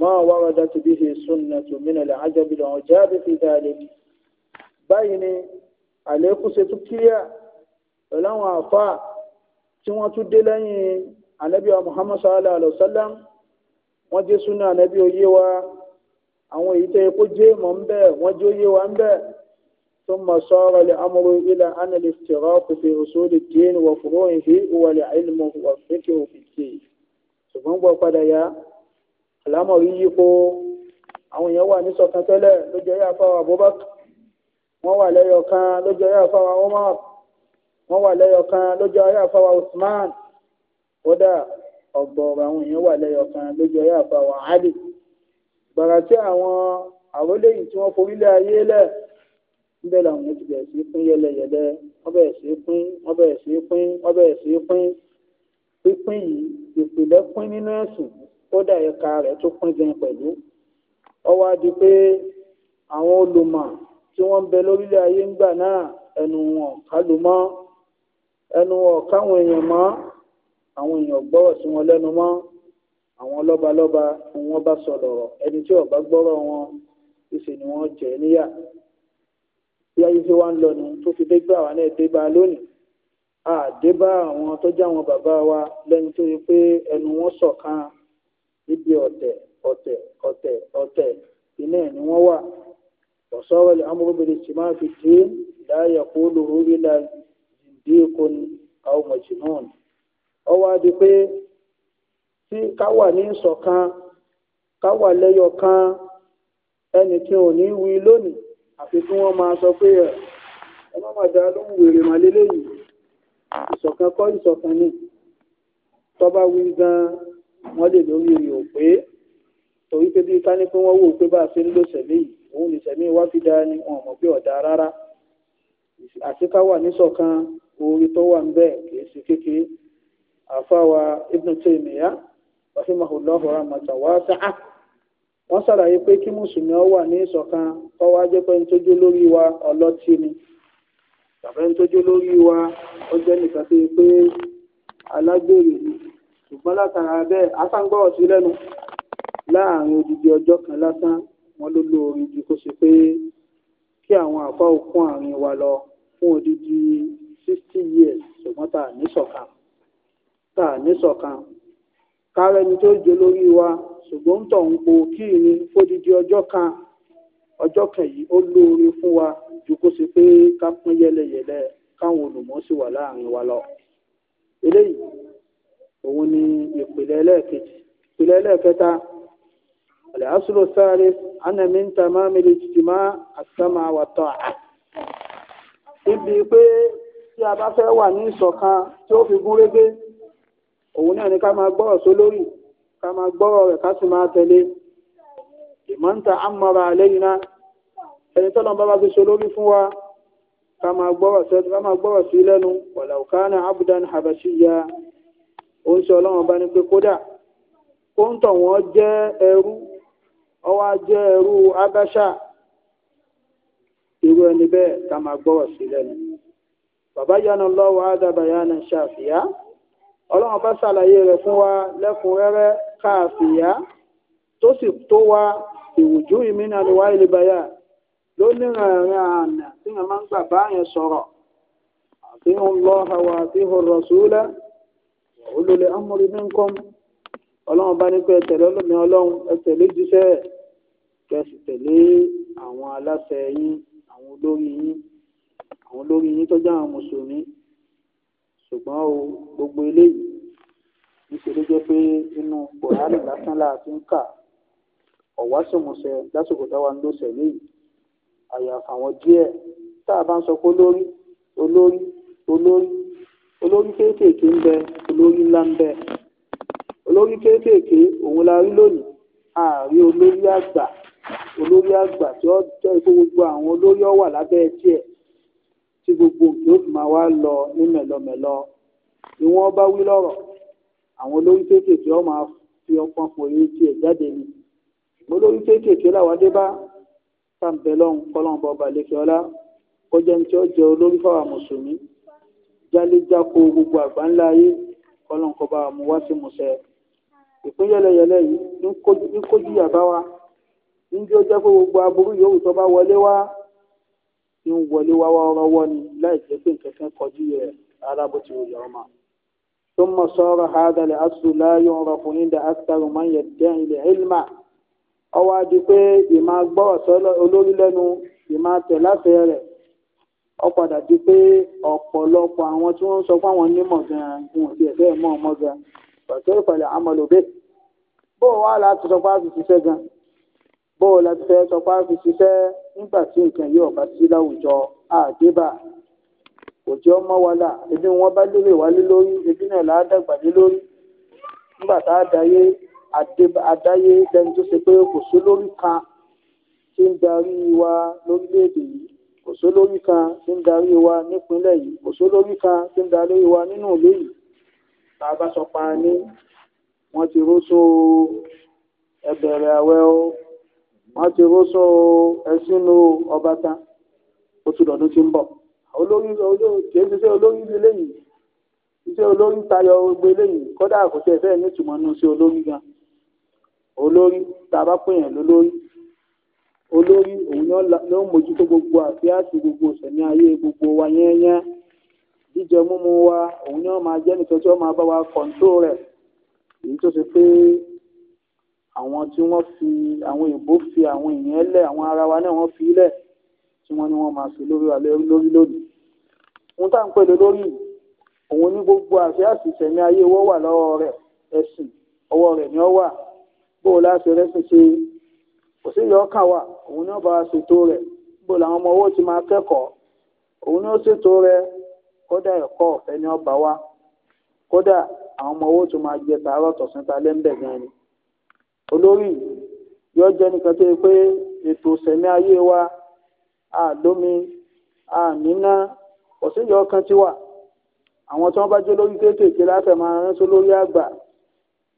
máa wá rọ̀dá ti bí sunna tó mìnàlẹ̀ ajábìlẹ̀ ọ̀já bí fi dáadé báyìí ni àlékún ṣe tún kíyà pẹ̀lú àwọn àfáà tí wọ́n tún dé lẹ́yìn anabi wa muhammad sallallahu alayhi wa sallam wọ́n jẹ́ súnà anabi oyé wa àwọn èyí tẹ́ kó jẹ́ mọ̀ ń bẹ́ẹ̀ wọ́n oyé wa ń bẹ́ẹ̀ ثم صار الأمر إلى أن الافتراق في أصول الدين وفروعه هو العلم والفقه في الدين ṣùgbọ́n gbọ́ padà yá àlámọ̀rí yípo àwọn èèyàn wà ní ṣọ̀kan tẹ́lẹ̀ lójọ́ yà fáwọn Abubakar wọ́n wà lẹ́yọ̀ kan lójọ́ yà fáwọn Umar wọ́n wà lẹ́yọ̀ kan lójọ́ yà fáwọn Usman kódà ọ̀gọ̀ọ̀rọ̀ àwọn èèyàn wà lẹ́yọ kan lójú ọyá àbáwọ̀ àádì gbàrà tí àwọn àrólé yìí tí wọ́n forílẹ̀ ayé lẹ̀ níbẹ̀ làwọn èèyàn ti bẹ̀rẹ̀ sí pín yẹlẹyẹlẹ wọ́n bẹ̀rẹ̀ sí pín wọ́n bẹ̀rẹ̀ sí pín wọ́n bẹ̀rẹ̀ sí pín pínpín yìí ìpìlẹ̀ pín nínú ẹ̀sìn kódà ẹ̀ka rẹ̀ tó pín gan pẹ̀lú ó wá di pé àwọn olùmọ̀ tí wọ́n ń bẹ lórílẹ̀ ayé ńgbà náà ẹnu wọn kálù ẹnu wọn káwọn èèyàn mọ́ àwọn èèyàn gbọ́rọ̀ sí wọn lẹ́nu mọ́ àwọn lọ́balọ́ba ni wọ́n bá sọ lọ́rọ̀ ẹni tí ọ̀bá gbọ́rọ̀ wọn ìṣe ni wọ́n jẹ́ níyà bí ayé fi wá ń lọ nù tó fi dé gbà wá náà dé bá a lónìí àdébá àwọn tó jẹ́ àwọn bàbá wa lẹ́ni tó yẹ pé ẹnu wọn ṣọ̀kan níbi ọ̀tẹ̀ ọ̀tẹ̀ ọ̀tẹ̀ ọ̀tẹ̀ iná ẹ̀ ni wọ́n wà ọ̀sọ́rọ̀ lè amúrúbìnrin sì máa fi dé láàyè kó lóru rí la dìde kó ní àwọn mọ̀jìmọ́ọ̀nù ó wá di pé tí ká wà ní ìṣọ̀kan ká wà lẹ́yọ kan ẹnì tí ò ní wí lónìí àfi kí wọ́n máa sọ pé ẹ má má dá lóhùn wèrè mà lélẹ́yìí ìṣọ̀kan kọ́ ìṣọ̀kan ni tọ́ba wí gan wọ́n lè lórí rè ò pé torí pé bí ká ní pé wọ́n wò ó pé bá a ṣe ń lò sẹ̀mí yìí òun ní sẹ̀mí wá fi dáa ni wọn mọ̀ pé ọ̀dà rárá àti ká wà níṣọ̀kan orí tó wà ń bẹ kì í ṣe kékeré àfáwà ibnu taymiya rahimahullahu rahmatan wasi'a wọ́n ṣàlàyé pé kí mùsùlùmí ọ wà ní ìṣọ̀kan kọ́wá jẹ́ ń tójú lórí wa ọlọ́tí ni tàbí ń tójú lórí wa ó jẹ́ nìkan tó yẹ pé alágbèrè ni ṣùgbọ́n látara bẹ́ẹ̀ asáǹgbọ́rọ̀ sí lẹ́nu láàrin odidi ọjọ́ kan lásán wọn ló lóore ju kó ṣe pé kí àwọn àfa òkun àárín wa lọ fún odidi sixty years ṣùgbọ́n tá a ní ṣọ̀kan tá a níṣọ̀kan kárẹni tó jẹ lórí wa ṣùgbọ́n ń tọ̀ ń po kí ni fódìdí ọjọ́ kan ọjọ́ kan yìí ó lóore fún wa ju kó ṣe pé ká pín yẹlẹyẹlẹ káwọn olùmọ̀ sì wà láàrin wa lọ eléyìí òun ni ìpìlẹ̀ ẹlẹ́ẹ̀kejì ìpìlẹ̀ ẹlẹ́ẹ̀kẹta àlẹ́hásùlù sáré anamíńtà mámìlì jìjìmá àsámà wàtọ́ à ibi pé tí a bá fẹ́ wà ní ìṣọ̀kan tí ó fi gún régé òun náà ni ká máa gbọ́rọ̀ sólórí ká máa gbọ́rọ̀ rẹ̀ ká sì máa tẹ̀lé ìmọ̀ǹta àmọ́ra lẹ́yìn náà ẹni tọ́lọ́n bá bá fi sólórí fún wa ká máa gbọ́rọ̀ sí ká máa gbọ́rọ̀ sí lẹ́nu walau kana abudan habashiya ó ń sọ ọlọ́run bá ní pé kódà ó ń tọ̀ wọ́n jẹ́ ẹrú jẹ́ ẹrú abáṣà irú ẹni bẹ́ẹ̀ ká máa gbọ́rọ̀ sí ọlọ́run bá ṣàlàyé rẹ̀ fún wa lẹ́kùnrẹ́rẹ́ káàfìyà tó sì tó wa ìwùjú ìmínà ló wá ilé báyà ló nírànrìn àná tí wọn máa ń gbà báyẹn sọ̀rọ̀ àti ń lọ àwọ̀ àti ọ̀rọ̀ sùúlẹ̀ olólè amúrí mi ń kọ́ ọlọ́run bá ní pé ẹ tẹ̀lé ọlọ́mi ọlọ́run ẹ tẹ̀lé jíṣẹ́ kẹsì tẹ̀lé àwọn aláṣẹ yín àwọn olórí yín àwọn olórí yín tó jẹ́ àwọn mùsùlùmí ṣùgbọ́n o gbogbo eléyìí níṣẹ́ ló jẹ́ pé inú kòránì lásán là ti ń kà ọ̀wá sòmùsẹ lásìkò táwa ń lò sẹ́lẹ̀ yìí àyàfà wọn díẹ̀ tá a bá ń sọ pé olórí olórí olórí olórí kéékèèké ń bẹ olórí ńlá ń bẹ olórí kéékèèké òun la rí lónìí ààrí olórí àgbà olórí àgbà tí ó jẹ́ pé gbogbo àwọn olórí ó lábẹ́ tiẹ̀ tí gbogbo nǹkan ó fi máa wá lọ ní mẹ̀lọmẹ̀lọ ni wọ́n bá wí lọ́rọ̀ àwọn olórí kéékèèké ọ máa fi ọpọ́n pò yé tiẹ̀ jáde ni olórí kéékèèké làwọn adé bá sàǹbẹ̀ lọ́hùn kọ́lọ́hùn bọ́ balẹ̀kẹ́ ọlá kọjá ní tí ó jẹ olórí fáwọn mùsùlùmí jáléjáko gbogbo àgbà ńlá ayé kọ́lọ́hùn kọ́ bá wá sí musẹ́ ìpínyẹlẹyẹlẹ yìí ń kójú yàbá wa ń bí ó pé gbogbo aburú yòówù tó bá wọlé wá ń wọlé wáwọ́rọ́wọ́ ni láì jẹ́ pé nǹkan kan kọjú rẹ̀ rárá bó ti wòye ọmọ. ثم صار هذا الأصل لا يعرف عند أكثر من يدعي العلم ọwọ́ adi pé ìmọ̀ gbọ́rọ̀ sọ́lọ́ olórí lẹ́nu ìmọ̀ tẹ̀láfẹ́ rẹ̀ ó padà di pé ọ̀pọ̀lọpọ̀ àwọn tí wọ́n ń sọ fún àwọn onímọ̀ gan-an ní wọ́n ti ẹ̀fẹ́ mọ́ ọmọ gan bóò la ti fẹ́ sọ pé a fi ṣiṣẹ́ nígbà tí nǹkan yìí ọ̀bá sí láwùjọ àdébà òjò ọmọ wa là ebi wọn bá lérè wálé lórí ebi náà là á dàgbà lé lórí nígbà tá a dáyé àdáyé lẹni tó ṣe pé kò sólórí kan tí ń darí wa lórílẹ̀‐èdè yìí kò sólórí kan tí ń darí wa nípínlẹ̀ yìí kò sólórí kan tí ń darí wa nínú ìlú yìí tá a bá sọ pa ni wọ́n ti rọ́ sóo ẹ̀bẹ̀rẹ̀ àwẹ̀ o wọ́n ti rọ́ṣọ́ ẹ̀sìnú ọba tán oṣù dọ̀dún ti ń bọ̀ olórí olórí kì í ṣiṣẹ́ olórí eléyìí iṣẹ́ olórí tayọ gbogbo eléyìí kódà kò tẹ̀ fẹ́ẹ̀ nítumọ̀ nínú iṣẹ́ olórí gan olórí tá a bá pè yàn lólórí olórí òun ló ń mójútó gbogbo àti àti gbogbo sẹ̀mí ayé gbogbo wa yẹ́nyẹ́ jíjẹ múmu wa òun ni wọ́n máa jẹ́ nìkan tí máa bá wa kọ̀ǹtó rẹ̀ èyí tó ṣe pé àwọn tí wọ́n fi àwọn èèbó fi àwọn èèyàn lẹ̀ àwọn ara wa náà wọ́n fi lẹ̀ tí wọ́n ní wọ́n máa ṣe lórí wa lórí lónìí ohun tá à ń pèlè lórí òun ní gbogbo àṣẹ àṣìṣe ní ayé wọ́n wà lọ́wọ́ rẹ̀ ẹ̀sìn ọwọ́ rẹ̀ ni ó wà bó o láṣẹ rẹ́sìn ṣe kò sí yọ ọ́kà wà òun ní ó bá ṣètò rẹ̀ bó làwọn ọmọ owó ti máa kẹ́kọ̀ọ́ òun ní ó ṣètò rẹ̀ kódà ẹ̀kọ́ ọ̀fẹ́ ni ó wa kódà àwọn ọmọ owó tó máa jẹ tààrọ̀ tọ̀sán ta gan ni olórí yóò jẹ́ nìkan tó yẹ pé ètò sẹ̀mí ayé wa àlómi àníná òsèyí ọkàn ti wà àwọn tí wọ́n bá jẹ́ lórí kéékèèké láfẹ̀ máa rántí lórí àgbà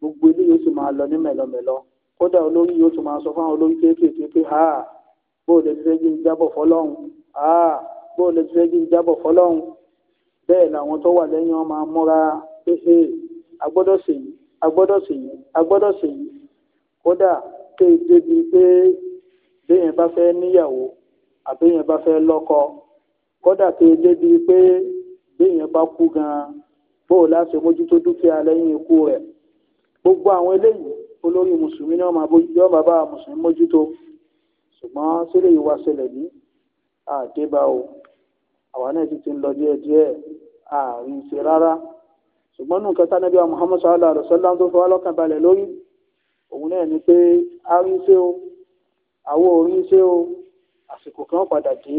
gbogbo ilé yóò sì máa lọ ní mẹ̀lọmẹ̀lọ kódà olórí yóò máa sọ fún ha bó lè ti fẹ́ jí ń ha bó lè ti fẹ́ jí ń jábọ̀ fọlọ́hún bẹ́ẹ̀ làwọn tó wà lẹ́yìn wọn máa múra pé kódà tó e débi pé béèyàn bá fẹ́ níyàwó àbéèyàn bá fẹ́ lọ́kọ kódà tó e débi pé béèyàn bá kú gan-an bóò láti mójútó dúkìá lẹ́yìn ikú rẹ̀ gbogbo àwọn eléyìí olórí mùsùlùmí ni yóò máa bá mùsùlùmí mójútó ṣùgbọ́n sílẹ̀ ìwà ṣẹlẹ̀ ní àdébà o àwa náà ti ti ń lọ díẹ̀díẹ̀ àárín ṣe rárá ṣùgbọ́n nù níbi àwọn Muhammad sallallahu alaihi wa sallam tó fọwọ́ lọ́kàn balẹ̀ lórí òun náà ni pé a rí iṣẹ́ o àwọn orí iṣẹ́ o àsìkò kan padà dé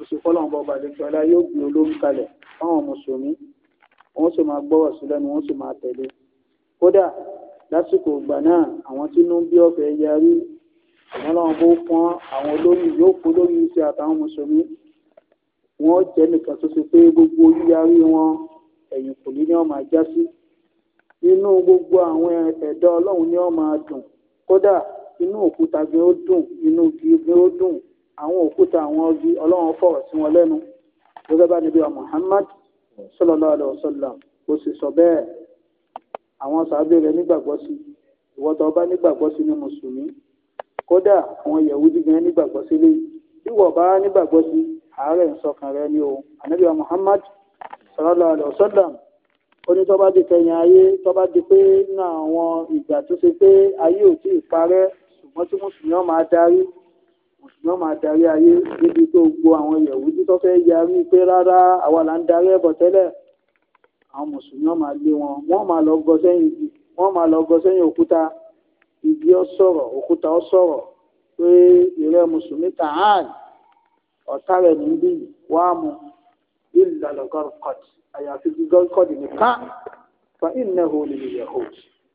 oṣù fọlọ́nbọ balẹ̀kọ́lá yóò gbé olórí kalẹ̀ fáwọn mùsùlùmí wọ́n sì máa gbọ́rọ̀ sí lẹ́nu wọ́n sì máa tẹ̀lé kódà lásìkò ìgbà náà àwọn tí inú bí ọ̀fẹ́ yarí ìyẹn lọ́wọ́n bó fún àwọn olórí yóò kú lórí iṣẹ́ àtàwọn mùsùlùmí wọ́n jẹ́ nìkan tó ṣe pé gbogbo yíyarí wọn ẹ̀yìn kò ní ní ọmọ ajá sí inú gbogbo àwọn ẹ̀dá ọlọ́run ni ó máa dùn kódà inú òkúta gan ó dùn inú igi gan ó dùn àwọn òkúta àwọn ọgí ọlọ́run fọ̀rọ̀ sí wọn lẹ́nu gẹ́gẹ́ bá níbi Muhammad sallallahu alaihi wasallam ó sì sọ bẹ́ẹ̀ àwọn sàábé rẹ̀ nígbàgbọ́ sí ìwọ́tọ̀ ọba nígbàgbọ́ sí ní mùsùlùmí kódà àwọn yẹ̀wúdí gan nígbàgbọ́ sí lé ìwọ̀ bá nígbàgbọ́ sí àárẹ̀ ń rẹ ní o ànábì Muhammad sallallahu alaihi wasallam oní tó bá di kẹyìn ayé tó bá di pé nínú àwọn ìgbà tó ṣe pé ayé ò tí ì parẹ́ ṣùgbọ́n tí mùsùlùmí máa darí mùsùlùmí máa darí ayé níbi tó gbogbo àwọn yẹ̀wù títọ́ fẹ́ yarí pé rárá àwa là ń darí ẹ̀bọ̀ tẹ́lẹ̀ àwọn mùsùlùmí máa lé wọn wọ́n máa lọ gọ sẹ́yìn igi wọ́n máa lọ gọ sẹ́yìn òkúta igi ọ sọ̀rọ̀ òkúta ọ sọ̀rọ̀ pé ìrẹ́ mùsùlùmí tààlì ọ̀tá rẹ̀ níbí wàá mu ìlàlọ́gọ́rùn-ún kọ́tì àyàfi gígọ́n kọ́ọ̀dì nìkan fa innahu lil yahud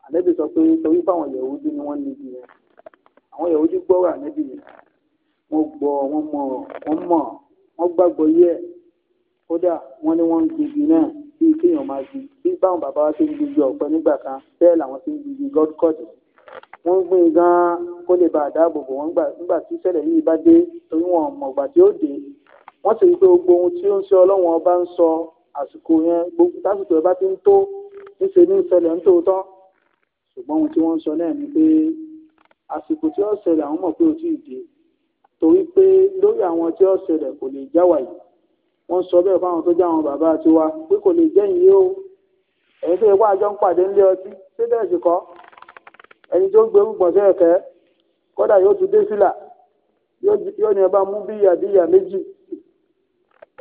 ànẹ́bí sọ pé torí pé àwọn yahudi ni wọ́n níbi yẹn àwọn yahudi gbọ́rọ̀ ànẹ́bí yẹn wọ́n gbọ́ wọ́n mọ̀ wọ́n mọ̀ wọ́n gbàgbọ́ yẹ kódà wọ́n ní wọ́n ń gbèbí náà bíi kéèyàn máa di bí báwọn bàbá wa ti ń gbèbí ọ̀pẹ nígbà kan bẹ́ẹ̀ làwọn ti ń gbèbí god cord wọ́n ń gbìn gan-an kó lè bá àdáàbò bò nígbà tí ìṣẹ̀lẹ̀ yìí bá dé torí wọn mọ̀ tí ó dé wọ́n sì rí pé gbogbo ohun tí ó ń ṣe ọlọ́wọ́n ọba ń sọ àsìkò yẹn gbogbo tásìkò ẹ bá ti ń tó níṣe ní ìṣẹ̀lẹ̀ ń tòótọ́ ṣùgbọ́n ohun tí wọ́n ń sọ náà ni pé àsìkò tí ó ṣẹlẹ̀ àwọn mọ̀ pé ó ti dé torí pé lórí àwọn tí ó ṣẹlẹ̀ kò lè já wàyí wọ́n sọ bẹ́ẹ̀ fáwọn tó já àwọn bàbá tiwa pé kò lè jẹ́ ìyé o ẹ̀yin tó yẹ kó àjọ ń pàdé ńlé ọtí ṣé bẹ́ẹ̀ sì kọ́ ẹni tó gbẹrú gbọ̀nsẹ̀ ẹ̀kẹ́ kódà yóò tún dé fìlà yóò ní ẹ bá mú bíyà bíyà méjì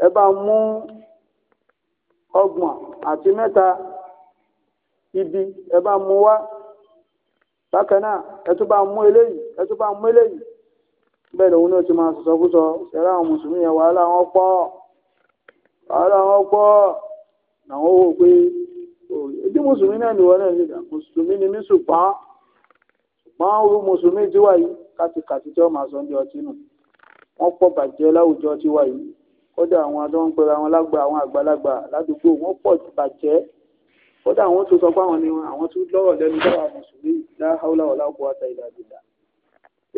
ẹ bá mú ọgbọ̀n àti mẹta, ibi ẹ bá mú wá bákan náà ẹ tún bá mú eléyìí ẹ tún bá mú eléyìí bẹ́ẹ̀ lòun náà ti máa sọ̀sọ́ kú sọ ṣẹ̀rá àwọn mùsùlùmí yẹn wàhálà wọn pọ̀ wàhálà wọn pọ làwọn wò pé ìdí mùsùlùmí náà nìwọ náà ní ìdá mùsùlùmí ni mí mùsùlùmí tí máa sọ ní ọtí nù láwùjọ kódà àwọn tó ń pera wọn lágbà àwọn àgbàlagbà ládùúgbò wọn pọ̀ ti bàjẹ́ kódà àwọn tó sọ pé àwọn ni àwọn tó lọ́rọ̀ lẹ́nu dáwà mùsùlùmí láhàúlà ọ̀la kó wá ta ìlà ìlà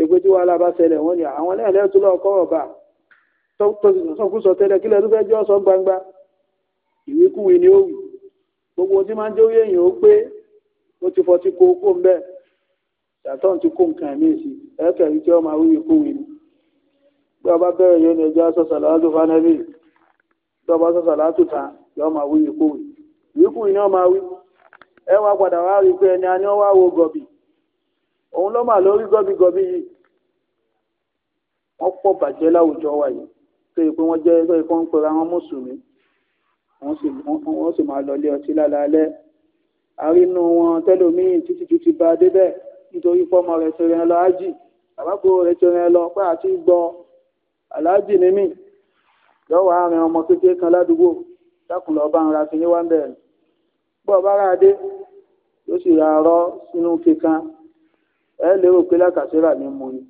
èpè tí wàhálà bá ṣẹlẹ̀ wọ́n ni àwọn lẹ́yìn lẹ́yìn tó lọ kọ́ ọ̀bà tó sì sọkúsọ tẹ́lẹ̀ kílẹ̀ tó fẹ́ jẹ́ ọ̀sán gbangba ìwíkúwìí ni ó wù gbogbo ohun tí máa ń jẹ́ òye èèyàn ó pé ó ti fọ́ ti kó kó ń bẹ́ẹ̀ yàtọ̀ ti kó nǹkan ẹ̀mí sí ẹ̀ẹ́kẹ̀rí tí wọ́n máa wúwo kó wí ni bí ọba bẹ̀rẹ̀ yóò ní ẹjọ́ sọ sàlátù fanabi bí ọba sọ sàlátù tán yóò máa wí ìkúwì ìkúwì ni ó máa wí ẹ wá padà wá rí i pé ẹni àní wá wo gọ̀bì òun ló mà lórí gọ̀bì gọ̀bì yìí wọ́n pọ̀ bàjẹ́ láwùjọ wa yìí tó yẹ pé wọ́n jẹ́ ẹgbẹ́ ìfọ́n pẹ̀lú àwọn mùsùlùmí wọ́n sì máa lọlé ọtí lálálẹ́ àrínú wọn tẹlómiì títí títí bá débẹ̀ nítorí fọ́mọ rẹ̀ ti rìn lọ ájì àbábò rẹ̀ ti rìn lọ pé àti gbọ́ aláàjì ni mí lọ́wọ́ àárín ọmọ kékeré kan ládùúgbò dákun lọ́ọ́ bá ń ra kinní wá ń bẹ̀rẹ̀ bọ́ ọ bá rà dé yóò sì ra ọ̀rọ̀ sínú kíkan ẹ lérò pé làkàṣẹ́rà ni mo ni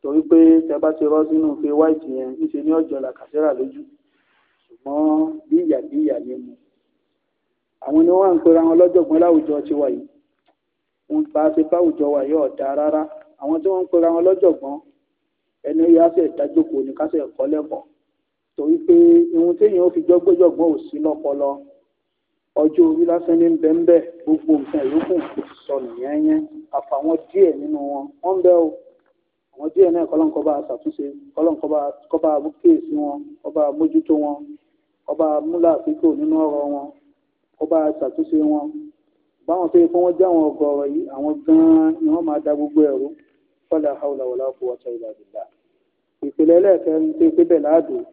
torí pé tẹ bá ti rọ́ sínú pé wáìtì yẹn níṣẹ́ ní ọ̀jọ̀ làkàṣẹ́rà lójú ṣùgbọ́n bí ìyà bí ìyà ni mo àwọn ni wọ́n ń pera wọn lọ́jọ̀gbọ́n láwùjọ tiwa yìí wọn bá ti báwùjọ wa yóò dáa rárá àwọn tí wọ́n ń pera wọn lọ́jọ̀gbọ́n ẹni yá sẹ̀ dájókòó ni kásẹ̀ kọ́ lẹ́kọ̀ọ́ torí pé ohun téèyàn ó fi jọ́gbọ́jọ̀gbọ́n ò sí lọ́pọlọ ọjọ́ orí lásán ní bẹ́ńbẹ́ gbogbo nǹkan ìyókù kò sì sọnù yẹ́nyẹ́ àfàwọn díẹ̀ nínú wọn wọ́n ń bẹ o àwọn díẹ̀ náà kọ́lọ́nkọ́ bá ṣàtúnṣe kọ́lọ́nkọ́ bá kíyèsí wọn kọ́ bá mójútó wọn kọ́ bá múlá àfikò nínú ọ̀rọ̀ wọn kọ́ bá ṣàtúnṣe wọn báwọn tó yẹ kó wọ́n jẹ́ àwọn ọ̀gọ̀ọ̀rọ̀ yìí àwọn gan-an ni wọ́n máa da gbogbo ẹ̀rú fọlá haúlá wọlá kó wọ́tá ilà bìlá ìpìlẹ̀ ẹlẹ́ẹ̀kẹrin tó pé bẹ́ẹ̀ láàdùn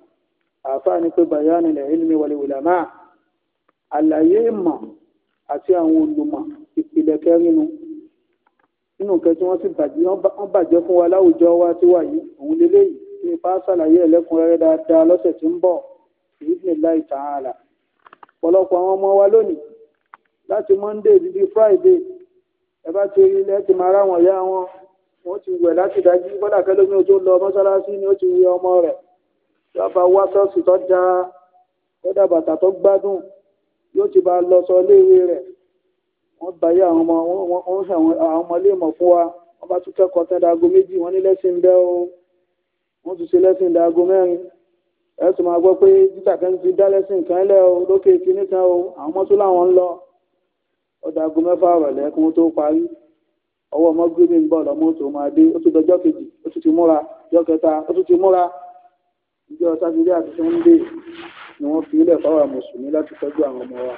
àáfàá ni pé bayani lẹ̀ ilmi wal ulama àlàyé ìmọ̀ àti àwọn olùmọ̀ ìpìlẹ̀ kẹrin nu nínú nǹkan tí wọ́n sì bàjẹ́ wọ́n bàjẹ́ fún wa láwùjọ wa tí wà yìí òun lélẹ́yìí tí ipa ṣàlàyé ẹlẹ́kùnrẹ́rẹ́ dáadáa lọ́sẹ̀ tí ń bọ̀ bi'idhnillahi ta'ala ọ̀pọ̀lọpọ̀ àwọn ọmọ wa lónìí láti monday bíbí friday ẹ bá ti rí ilẹ̀ ti máa ráwọn ìyá wọn wọ́n ti wẹ̀ láti dájú kọ́dà kẹ́lómi ojú lọ mọ́sálásí ni ó ti wẹ ọmọ rẹ̀ yọba wá sọ́ọ̀sì tó dáa kọ́dà bàtà tó gbádùn yóò ti bá a lọ sọ léèwé rẹ̀ wọ́n báyé àwọn ọmọ wọn hẹ̀ àwọn ọmọ léèmọ̀ fún wa wọ́n bá tún kẹ́kọ̀ọ́ tẹ́ dago méjì wọ́n ní lẹ́sìn bẹ́ o wọ́n tún ṣe lẹ́sìn dago mẹ́rin ẹ tún máa gbọ́ pé títà kan ti dá lẹ́sìn kan lẹ́ o lókè kínní kan o àwọn mọ́tò làwọn ń lọ ọ̀dà ago mẹ́fà rọ̀lẹ́ kí wọ́n tó parí ọwọ́ mọ́gírínì ń bọ̀ lọ́mọ́ tó máa dé ó tún dọjọ́ kejì ó tún ti múra ọjọ́ kẹta ó tún ti múra ìjọ sátidé àti sọ́ńdé ni wọ́n fi ilẹ̀ fáwọn mùsùlùmí láti tọ́jú àwọn ọmọ wa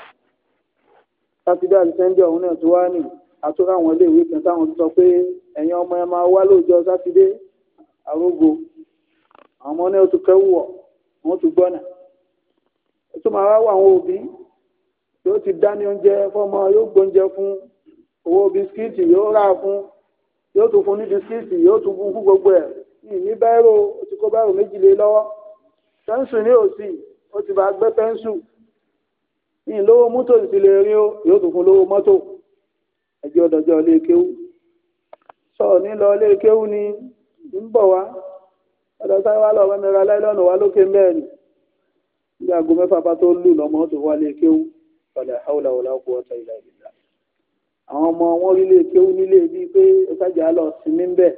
sátidé àti sọ́ńdé ọ̀hún náà tó wá nì àtúrò àwọn iléèwé kan táwọn ti sọ pé ẹ̀yin ọmọ ẹ máa wá lóòjọ́ sátidé arógo àwọn ọmọ náà tún kẹ́wù wọ̀ wọ́n tún gbọ́nà ẹ tún máa wá wọ àwọn òbí yóò ti dání oúnjẹ fọ́mọ yóò gbóúnjẹ fún owó bisikíìtì yóò rà fún yóò tún fún ní bisikíìtì yóò tún fún gbogbo ẹ̀ ní bẹ́rù ó ti kó bẹ́rù méjì lé lọ́wọ́ pẹ́ńsù ní òsì ó ti bá gbé pẹ́ńsù ní lówó mọ́tò ti lè rí ó yóò tún fún lówó mọ́tò ẹjọ́ dọjọ́ ilé kéwú sọ ní lọ ilé kéwú ni ń bọ̀ wá ọ̀dọ̀ sáré wá lọ́wọ́ mi ra láìlọ́nù wá lókè mẹ́rin ní aago mẹ́fà bá tó lù lọ́mọ́ tó wá ilé kéwú ọ̀là àwòlàwòlà ọkọ̀ ọ̀tọ̀ ìlànà àwọn ọmọ wọn rí lè kéwú nílé bíi pé ọ̀sájà lọ sinmi ń bẹ̀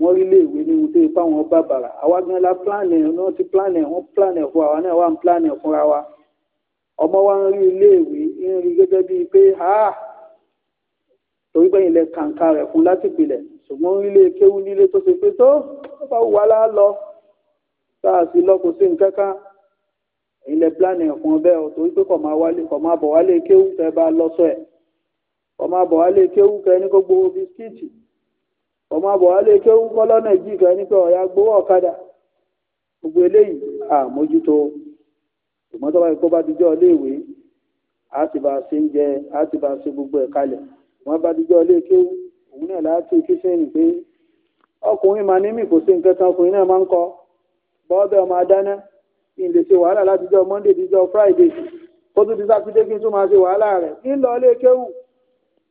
wọ́n rí lè wé ní wúté ipá wọn bá bàrà àwa gan la pílánì wọn ti pílánì wọn pílánì fún àwa náà wà ń pílánì fúnra wa ọmọ wa ń rí ilé ìwé ń rí gẹ́gẹ́ bíi pé ha torí pé ilẹ̀ kàǹkà rẹ̀ fún láti pilẹ̀ ṣùgbọ́n rí lè kéwú nílé tó ṣe pé tó ó bá wà lá lọ tá a sì lọ kò sí nǹkan kan ilẹ̀ pílánì fún ọbẹ̀ ọ̀ torí pé kò máa bọ̀ wálé kéwú tẹ́ bá lọ́sọ̀ ẹ̀ ọmọ àbọ̀ wá lè kéwú kan ẹni kó gbowó bisikíìtì ọmọ àbọ̀ wá lè kéwú kọ́ lọ́nà jí kan ẹni pé gbowó gbogbo eléyìí àmójútó ìmọ̀tọ́ báyìí kó bá dijọ́ iléèwé á ti bá a ṣe ń jẹ á ti bá a ṣe gbogbo ẹ̀ kalẹ̀ bá dijọ́ òun náà láti pé ọkùnrin màá kò sí nǹkan tán ọkùnrin náà máa ń kọ bọ́ọ̀bẹ ọmọ adáná kí n lè ṣe wàhálà láti jọ monday friday kó tún ti kí n tún máa ṣe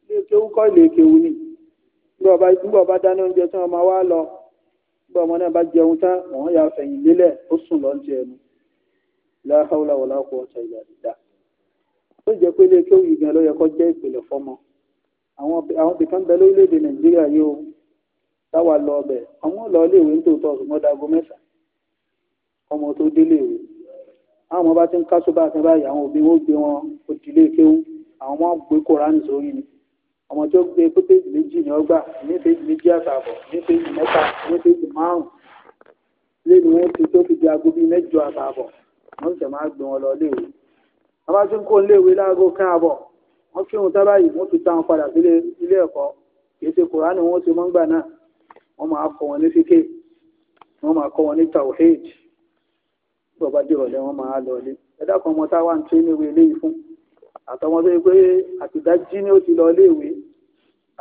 ilé kéwú kọ́ ilé kéwú ni nígbà ọba dáná oúnjẹ tí wọ́n máa wá lọ nígbà ọmọ náà bá jẹun tán wọ́n yà fẹ̀yìn lélẹ̀ ó sùn lọ jẹ ẹnu la hawla wala quwwata illa billah ó jẹ́ pé ilé kéwú yìí gan ló yẹ kó jẹ́ ìpìlẹ̀ fọ́mọ àwọn àwọn bìkan bẹ lórílẹ̀-èdè nàìjíríà yìí o táwa lọ ọbẹ ọmọ lọ iléèwé nítòótọ́ ṣùgbọ́n dago mẹ́fà ọmọ tó déléèwé àwọn ọmọ bá ti ń kásó bá a ti báyìí àwọn òbí wọn gbé wọn òdìlé kéwú àwọn ọmọ gbé kóra nìsórí ni ọmọ tó gbé pé péjì méjì ni ọgbà ní péjì méjì àtààbọ̀ ní péjì mẹ́ta ní péjì márùn lẹ́nu wọn ti tó fi di aago bíi mẹ́jọ àtààbọ̀ wọ́n sì máa gbé wọn lọ léèwé bàbá tí ń kó léèwé láago kan àbọ̀ wọ́n fi ohun tábà yìí wọ́n ti ta wọn padà sílé ilé ẹ̀kọ́ kìí ṣe kùránì wọn ti mọ́ ńgbà náà wọ́n máa kọ́ wọn ní fíkè wọ́n máa kọ́ wọn ní tawhid bọ́ba dìrọ̀lẹ́ wọ́n máa lọ ilé ẹ̀dá kan ọmọ táwa ń tún níwèé eléyìí fún àtọwọn tó yẹ pé àtìdájí ni ó ti lọ iléèwé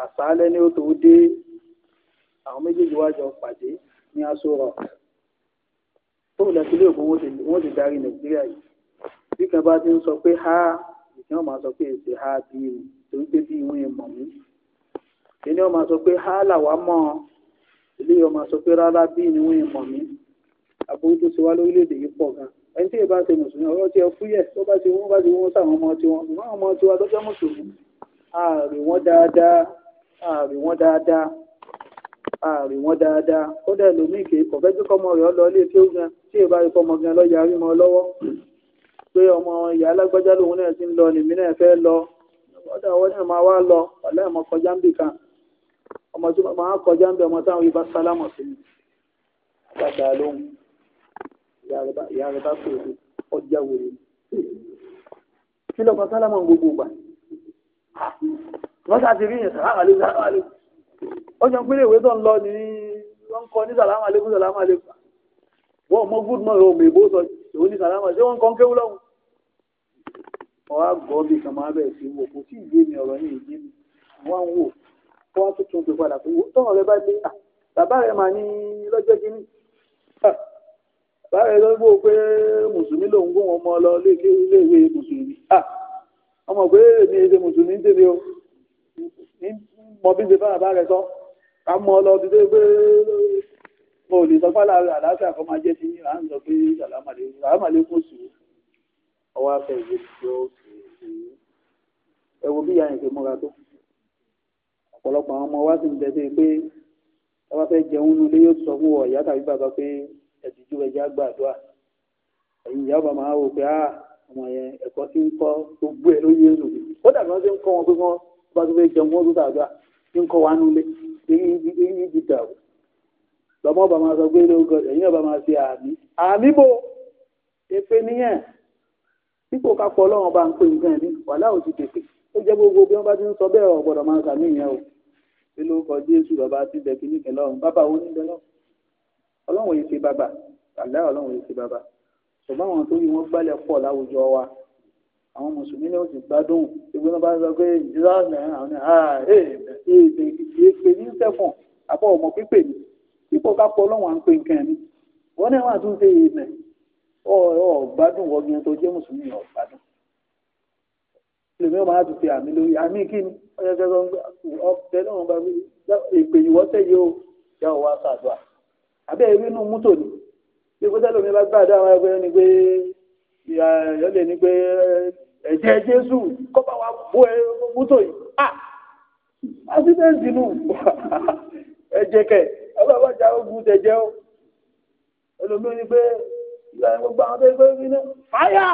àṣálẹ́ ni ó tó dé àwọn méjèèjì wá jọ pàdé ní aṣọ rọ tóun lọ sí ilé òkú wọn ti darí nàìjíríà yìí bí kan bá ti ń sọ pé ha ìkí wọn máa sọ pé èsì ha bí mi torí pé bí ìwé mọ̀ mí ìní wọn sọ pé ha làwa mọ̀ ilé wọn máa sọ pé rárá bí ìwé mọ̀ mí àbúrò tó ti wá lórílẹ̀‐èdè yìí pọ̀ gan-an ẹni tí ìbá ṣe mùsùlùmí ọ̀rọ̀ tí ẹ fúyẹ̀ tó bá ti wọ́n bá ti wọ́n sáwọn ọmọ tiwọn ṣùgbọ́n àwọn ọmọ tiwa tó jẹ́ mùsùlùmí ààrì wọn dáadáa ààrì wọn dáadáa ààrì wọn dáadáa kódà ẹlòmíì kì í kọ̀ fẹ́ tí kọ́mọ rẹ̀ ọ lọ ilé tí ó gan tí ìbá rí kọ́mọ gan lọ yarí mọ́ lọ́wọ́ pé ọmọ ìyá alágbájá lòun náà ti ń lọ nìmí náà fẹ́ lọ ọ̀dà ọwọ́ náà máa wá lọ ọ̀lẹ́ ọmọ kọjá ń bì kan ọmọ tí máa kọjá ń bẹ ọmọ táwọn ibà sálámọ̀ sí mi àgbàgbà lóhùn ìyá rẹ bá pè é ọjà wòye kí lọ́kọ sálámà gbogbo gbà wọ́n ṣáà ti rí yẹn sàlámà lé sàlámà lé ọjà ń pínlẹ̀ ìwé tó ń lọ ní wọ́n ń kọ ní sàlámà lé fún sàlámà lé wọ́n mọ gúdù mọ́ ìwọ̀n mèbó sọ ìwé ní sàlámà ṣé wọ́n ń kọ́ ń kéwú lọ́hùn. ọ̀rọ̀ àgọ́ bí kan máa bẹ̀rẹ̀ sí wò kò tí ì yé mi ọ̀rọ̀ yìí yé mi wọ́n ń wò wọ́n tún tún pè padà fún wò tọ́wọ́ báyìí ló ń gbọ́ pé mùsùlùmí lòun kó wọn mọ lọ iléèwé mùsùlùmí à ọmọ pé èmi èdè mùsùlùmí ń tèmi o mọ bí ń ṣe bá bàbá rẹ sọ ká mọ lọ bí dé pé mo ò lè sọ pé àlàáfíà kan máa jẹ́ ti yín à ń sọ pé sàlámàlékún sí ọwọ́ afẹ́ ìwé tí ó ẹ wo bí ìyá yẹn ṣe múra tó ọ̀pọ̀lọpọ̀ àwọn ọmọ wa sì ń bẹ sí pé ẹ bá fẹ́ jẹun nulẹ̀ yóò sọ fún ọ̀yá tàbí bàbá pé ẹ̀dùjú ẹja gbàdúrà ẹ̀yin ìyá ọba máa wò pé á ah, ọmọ yẹn ẹ̀kọ́ tí ń kọ́ gbogbo ẹ̀ ló yé ń lòdì ó dàgbà wọn ti ń kọ́ wọn pé wọ́n bá tó fẹ́ jẹun wọ́n tó tàdúrà ti ń kọ́ wa nulẹ̀ èyí ti dà o lọ́mọ ọba máa sọ pé lóko ẹ̀yin ọba máa ṣe àmì àmì bò èpè nìyẹn dípò ká pọ̀ bá ń pè nǹkan ẹ̀mí wàhálà ò ti tètè ó jẹ́ gbogbo bí wọ́n bá ti ń sọ bẹ́ẹ̀ ọ̀gbọ̀dọ̀ máa sàmì ìyẹn o pé lóko jésù bàbá ti bẹ̀ nìkan lọ́run bàbá wo ní bẹ lọ́run ọlọ́run yìí ṣe bàbà àlá ọlọ́run yìí ṣe bàbà ṣùgbọ́n àwọn tó yí wọ́n gbálẹ̀ pọ̀ láwùjọ wa àwọn mùsùlùmí náà ti gbádùn ìgbóná bá sọ pé ìdílé ọ̀nà àwọn èèyàn ah, èèpè ní sẹ́fọ̀n àbọ̀ ọmọ pípè ní ipò ká pọ̀ ọlọ́run à ń pè nǹkan ni wọ́n náà wà tún ṣe ìmẹ̀ ọ̀ gbádùn wọ́gbìn tó jẹ́ mùsùlùmí ọ̀ gbádùn lèmi ọmọ á tún ṣe àmì lórí àmì kí ni ọ̀yẹ́kẹ́ sọ pé ọ̀tẹ́ náà bá wí èpè ìwọ́sẹ̀ yìí ó yà wá sàdúrà abẹ́ rí inú mọ́tò ni bí kò sẹ́lẹ̀ omi bá gbà dá àwọn ẹgbẹ́ ni pé ìyọ̀ lè ní pé ẹ̀jẹ̀ Jésù kọ́ bá wa bó ẹ mọ́tò yìí à àṣìṣẹ́ǹsì nù ẹ̀jẹ̀ kẹ̀ ọlọ́wọ́ bá jà ogun tẹ̀jẹ̀ o ẹlòmíràn ni pé ìyá gbogbo àwọn tó ń gbé ní fáyà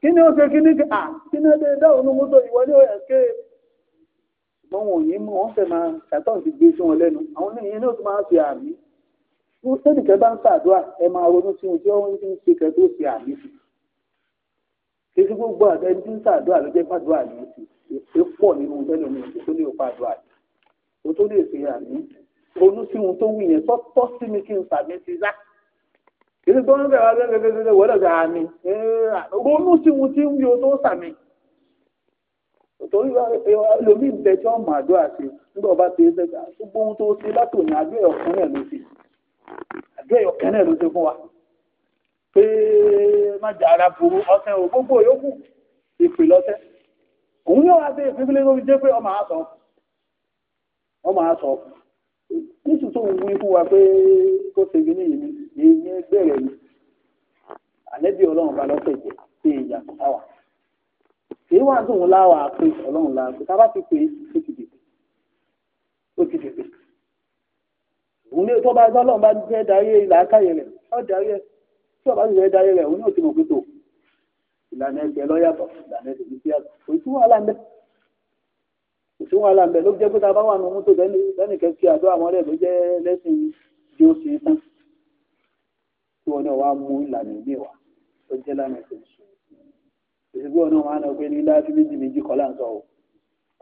kí ni ó ṣe kí ni à kí ni ó ṣe dáhùn ní mọ́tò ìwọlé ọ̀ ṣùgbọ́n wọn ò ní mú wọn fẹ́ máa ṣàtọ̀ ti gbé sí wọn lẹ́nu àwọn oníyẹn náà tún máa fi àmì tẹ́lẹ̀ kẹ́ bá ń ṣàdúrà ẹ máa ronú sí ohun tí wọ́n ti ń ṣe kẹ́ tó ṣe àmì sí kí gbogbo àgbẹ̀ ẹni tí ń ṣàdúrà ló jẹ́ fàdúrà ní oṣù èpè pọ̀ nínú tẹ́lẹ̀ mi èpè tó lè pa àdúrà yìí o tó lè ṣe àmì ronú sí ohun tó wù yẹn tọ́ sí mi kí n ṣàmì sí rá kí ni gbọ́n bẹ̀rẹ̀ wá bẹ́ẹ̀ bẹ́ẹ̀ bẹ́ẹ̀ wọ́dọ̀ gba àmì ronú sí ohun tí ń yí o tó ṣàmì torí lomi ń bẹ tí wọ́n mọ àdúrà sí nígbà wọ́n bá ti ṣe gbogbo ohun tó ṣe látòyìn àdúrà ọ̀kan náà ló ṣe àdúrà ìyọ̀kẹ́ náà ló ṣe fún wa pé má jà ara burú ọ̀sẹ̀ ò gbogbo yòókù ìpè lọ́sẹ̀ òun yóò wá sí ìfipílẹ̀ tó fi jẹ́ pé ọmọ àásọ ọmọ àásọ nítorí òun wí fún wa pé kó ṣe gbé ní èmi ẹgbẹ́ rẹ̀ yìí àlẹ́bí ọlọ́run bá lọ́sẹ̀ jẹ́ sí ìyà táwà èyí wà dùn láwà pé ọlọ́run láàbù tá bá ti pè é ó ti dìbò ó ti dìbò òun ní tó bá tọ́lọ́ bá fẹ́ darí làákàyè rẹ̀ ọ́ darí ẹ̀ tí ọba ti fẹ́ darí rẹ̀ òun yóò ti mọ̀ pé tó ìlànà ẹgbẹ́ lọ́yàtọ̀ ìlànà ẹgbẹ́ ti yàtọ̀ kò sí wàhálà ń bẹ kò sí wàhálà ń bẹ ló jẹ́ pé tá a bá wà nù mú tó lẹ́nìkẹ́ kí àdó àwọn ọ̀rẹ́ jẹ́ lẹ́sìn bí ó ṣe tán tí wọn náà wá mú ìlànà ìgbé wa tó jẹ́ lánà ẹgbẹ́ ìṣòro ìṣègbè ọ̀nà wọn á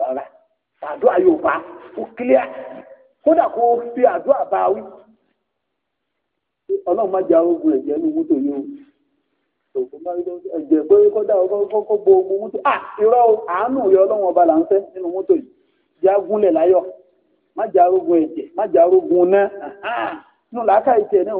náà pé kódà kó fi àdúrà bá wí ọlọ́run má jẹ arógun ẹ̀jẹ̀ ní wútò yìí o ògùn bá rí lọ́wọ́ ẹ̀jẹ̀ kó bo ogun à ah, irọ́ o àánú yọ ọlọ́run ọba là ń nínú wútò yìí já gúnlẹ̀ láyọ̀ má jẹ ẹ̀jẹ̀ má jẹ ah, náà ìtẹ̀ náà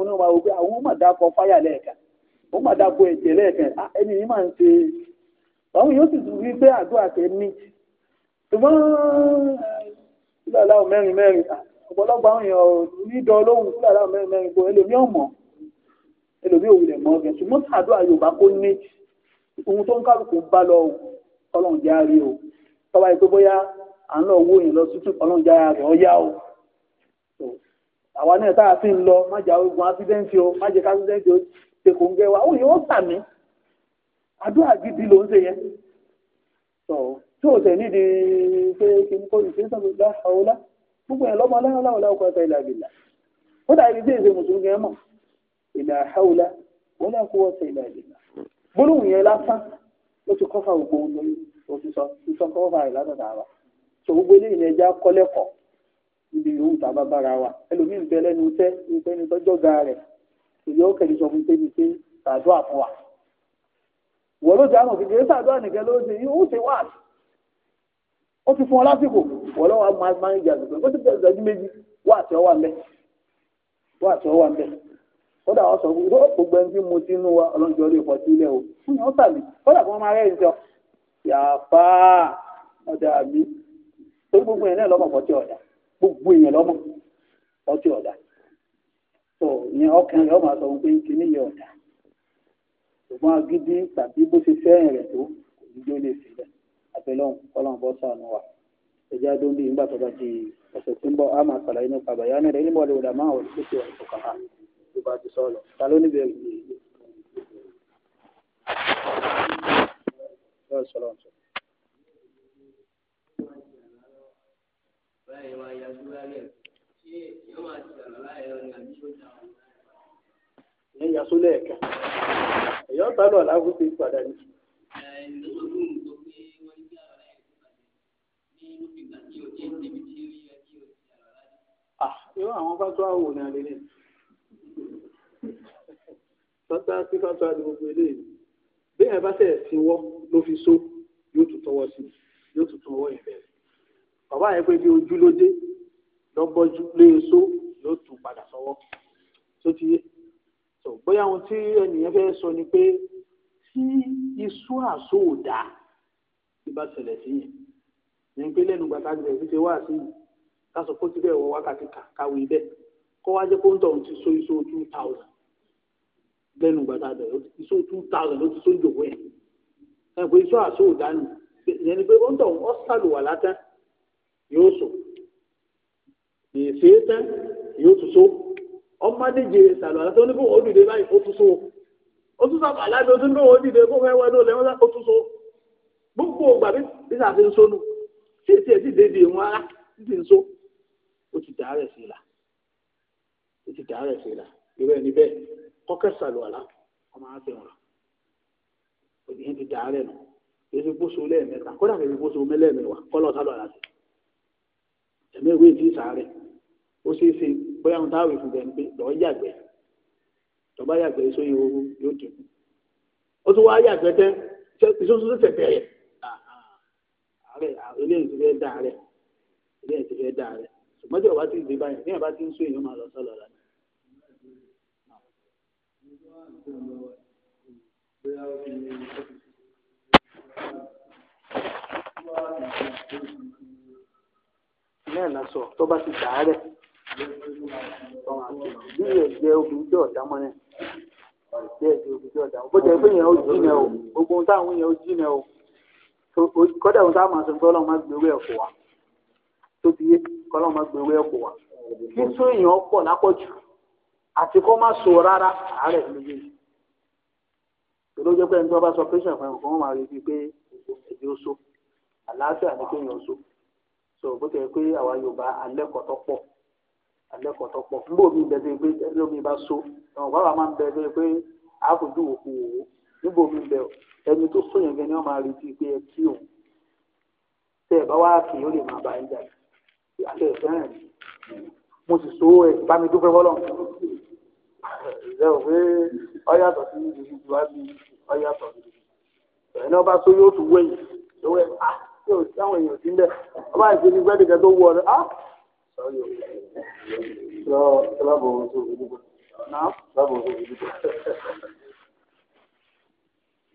ọ̀pọ̀lọpọ̀ àwọn èèyàn nídọ̀ olóhùn fúlàlà mẹ́rin kò ẹlòmí ọ̀mọ̀ ẹlòmí òwúlẹ̀ mọ́ ọ̀gẹ̀ ṣùgbọ́n sàdúrà yorùbá kó ní ohun tó ń kálukú bá lọ ọlọ́run já rí o tọ́ba yìí pé bóyá à ń lọ owó yẹn lọ tútù ọlọ́run já rẹ̀ ọ yá o àwa náà táà fi ń lọ má jà ogun ásídẹ́ǹtì o má jẹ́ kásídẹ́ǹtì o ṣe kò ń gẹ́ wa ó yẹ ó sàmì àdúrà gidi ló ń ṣe yẹn tó o tẹ̀ nídìí pé kí n kó ìṣesọ́gbọ̀n gbá ọ̀ọ́lá gbogbo ẹ̀ lọ́mọ aláwọ̀ láwọ̀ láwọ̀ kọ́ta ilà bìlà ó dà ibi tí èsè mùsùlùmí ẹ̀ mọ̀ ìlà àhàwùlá wọn náà kó wọ́ọ̀tẹ̀ ilà bìlà gbólóhùn yẹn lásán ó ti kọ́fà gbogbo ohun lórí ó ti sọ ti sọ kọ́fà rẹ̀ látọ̀tà wa sọ gbogbo eléyìí ni ẹja kọ́lẹ́kọ̀ọ́ níbi yòówù tá a bá bára wa ẹlòmíì ń bẹ lẹ́nu iṣẹ́ iṣẹ́ ni tọ́jọ́ ga rẹ̀ èyí ó kẹ́ni sọ fún pé ní sàdúà fún wa wọ́n ló dáhùn kìkì ó ti fún ọ lásìkò wọlọ́wọ́ máa ń jà lùpẹ́ ó ti bẹ̀rẹ̀ ìdájú méjì wà àti ọwà mẹ́ wà àti ọwà mẹ́ kódà wọ́n sọ fún yóò gbogbo ẹni tí mo ti nú wa ọlọ́njọ́ lè pọ̀ sílẹ̀ o fún yàn ó tàbí kódà kan máa rẹ́yìn jọ yàfá ọ̀dà mi tó gbogbo yẹn náà lọ́mọ fọ́tí ọ̀dà gbogbo yẹn lọ́mọ fọ́tí ọ̀dà tó yẹn ọkàn yẹn ó máa sọ fún pé kíní yẹn ọ̀dà ṣùgbọ́n agídí tàbí bó ṣe fẹ́ràn rẹ̀ tó kò ní jó lè sílẹ̀ àbẹ̀lọ́hùn kọ́lọ́hùn bọ́ sànù wa ẹjẹ́ adóhùn bíi nígbà tó bá di ọ̀sẹ̀ tí ń bọ̀ á máa ṣàlàyé nípa bàyá ní rẹ̀ nímọ̀ lòdà máa wọ̀ sí ìwà ìfọ̀kàn hàn tó bá ti sọ lọ ta ló níbi yìí. báyìí wá ni àbí yóò dà wọ́n. ìyẹn yasọ lẹ́ẹ̀kan ẹ̀yọ́ sálọ̀ aláwọ̀ ti padà ní. ẹ̀ ẹ̀ ló Ah, irú àwọn fatuwa wò ní alẹ́lẹ́ tọ́tà sí fatuwa ní gbogbo eléyìí bí ẹ bá tẹ̀ síwọ́ ló fi so yóò tún tọwọ́ sí yóò tún tún ọwọ́ yẹn bẹ̀rẹ̀ bàbá yẹn pé bí ojú ló dé lọ́gbọ́jú lé so yóò tún padà sọwọ́ tó ti yé tó bóyá ohun tí ẹnìyẹn fẹ́ sọ ni pé tí iṣu àsòwò dá ti ṣẹlẹ̀ sí yẹn ní pé lẹ́nu gbàtà gbẹ̀ ṣíṣe wá sí i káṣọ kó síbẹ̀ wọ wákàtí kàwé bẹ́ẹ̀ kọ́ wá jẹ́ kó ń tọ̀ ti so iṣó two thousand lẹ́nu gbàtà gbẹ̀ iṣó two thousand ló ti so ń jòwó ẹ̀ ẹ̀ pé iṣó àṣọ òdánù ìyẹn ni pé ó ń tọ̀ ọ́ sàlùwà látàn yóò sọ èsì tán yóò tún so ọmọdé jèrè sàlùwà látàn ó ní kó wọ́n dìde báyìí ó tún so ó tún sàbà láti ó ní kó wọ́n dìde kó fẹ́ wọ́n lọ́ọ́ ó tún so gbogbo ògbà bí tí èsì èsì débi ìwọn ara títí ń so ó ti dà rẹ̀ sí la ó ti dà rẹ̀ sí la irú ẹni bẹ́ẹ̀ kọ́kẹ́ sàlùwàlà ọmọ àti wọn òdìyẹn ti dà rẹ̀ nù èsì gbóso lẹ́ẹ̀mẹ́ta kódà kẹ́kẹ́ gbóso mẹ́lẹ́ẹ̀mẹ́wàá kọ́lọ̀ sàlùwàlà sí ẹ̀mí ìwé ìdí ìsàárẹ̀ ó ṣeé ṣe bóyá ohun táwọn èèyàn bẹ̀ ń pé lọ́ọ́ yàgbẹ́ lọ́ọ́ bá yàgbẹ́ sóyè owó yóò dínkù ó tún wá yàgbẹ́ tẹ́ ìṣòṣòṣò tẹ̀ bẹ̀rẹ̀ pẹ́ eléyìí ti fẹ́ dà rẹ̀ eléyìí ti fẹ́ dà rẹ̀ ṣùgbọ́n tí ọba ti dé báyìí ní ọba ti ń sún èèyàn máa lọ sọ́lọ̀ rẹ̀. náà lásọ tó bá ti dà rẹ̀ bí ẹgbẹ́ obìnrin tí ọ̀dà mọ́ náà bí ẹgbẹ́ obìnrin tí ọ̀dà mọ́ bó jẹ́ pé yẹn ó jí náà o gbogbo ohun táwọn yẹn ó jí náà o. kọ́dà òun a máa sọ pé ọlọ́run má gbèrú ẹ̀ kó wa tó ti yé kọ́lọ́run má ẹ̀ wa kí tún èèyàn pọ̀ lápọ̀jù àti kó má so rárá àárẹ̀ lóye ẹni sọ fún ẹ̀kọ́ wọn máa rí pé èdè ó so àlàáfíà ni kéèyàn so so bó pé àwa Yorùbá alẹ́kọ̀ọ́ tó pọ̀ alẹ́kọ̀ọ́ tó so ọ̀gbọ́n máa ń bẹ́ẹ̀ pé àáfojú òkú òwò níbo mi bẹ ẹni tó sóyàn gan ni wọn máa retí pé ẹ kí òun tẹ ẹ bá wá kì í ó lè máa bá ẹ jà àti ẹ fẹ́ràn mi mo sì so ẹ bá mi dúpẹ́ fọlọ ẹ ò pé ọyàtọ̀ sí ibi ibi wá bí ọyàtọ̀ sí ẹ náà bá so yóò tún wẹ̀yìn lọ́wọ́ ẹ ah yóò sí àwọn èèyàn sí ń bẹ ọba àti ẹni gbẹdẹgẹ tó wọ ọ ah sọ yóò lọ sábà bọ̀ ọ́ sọ ìdúgbò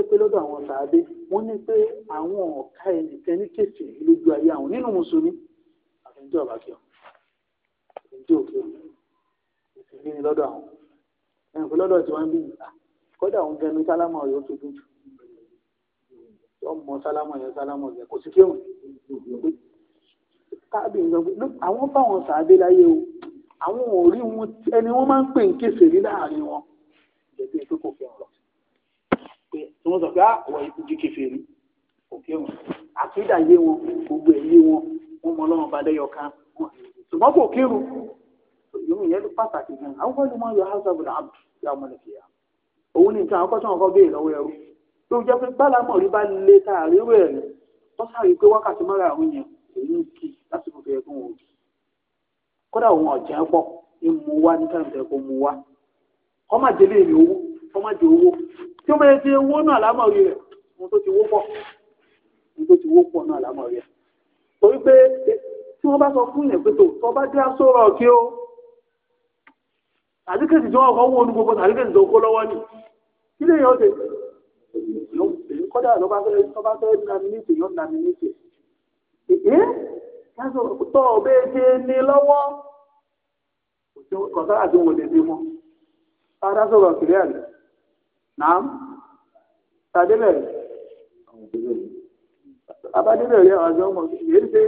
jẹ́ pé lọ́dọ̀ àwọn sàádé wọ́n ní pé àwọn ọ̀ka ẹnìkan ní kéèsì lójú ayé àwọn nínú mùsùlùmí àfẹnjẹ́ ọ̀bà kí ọ àfẹnjẹ́ òkè ọ ìsìnkí ni lọ́dọ̀ àwọn ẹnì pé lọ́dọ̀ tí wọ́n ń bí yìí kọ́dà òun gẹnu sálámà ọ̀yọ́ tó dùn jù ọmọ sálámà ọ̀yọ́ sálámà ọ̀yọ́ kò sí kéwòn káàbì nǹkan pé àwọn fáwọn sàádé láyé o àwọn ò rí wọn ẹni wọn máa ń pè ń kéèsì rí wọn ìjẹ́ pé kò fi pé tí wọ́n sọ pé àwọn ikú di kèfèrí òkè wọn àkídà yé wọn gbogbo ẹ̀yẹ wọn wọn mọ ọlọ́run balẹ̀ yọkan ṣùgbọ́n kò kírù yòówù yẹn ló pàtàkì gan yọ house of the ọkọ lọ́wọ́ ẹrú jẹ́ pé rí bá lé wọ́n sáré pé wákàtí mọ́ra àwọn yẹn èyí ń kì tí ó bẹ̀rẹ̀ ti wó náà lámọ̀rí rẹ̀ ohun tó ti wó pọ̀ ohun tó ti wó pọ̀ náà lámọ̀rí rẹ̀ torí pé tí wọ́n bá sọ fún yẹn pé tó tó bá dé aṣọ rọ̀ kí ó àdíkèsì tí wọ́n kọ́ wọ́n ní gbogbo àdíkèsì tó kó lọ́wọ́ ni kí lè yàn ó ṣe kọ́dà lọ́ba fẹ́ nàmínítì yàn nàmínítì ẹ̀ tọ́ ọ̀bẹ ṣe ní lọ́wọ́ kọ̀sára tí wọ́n lè dé mọ́ nàám tàdébẹ̀rẹ̀ abadébẹ̀rẹ̀ ọ̀dọ́ ọmọ yìí ṣe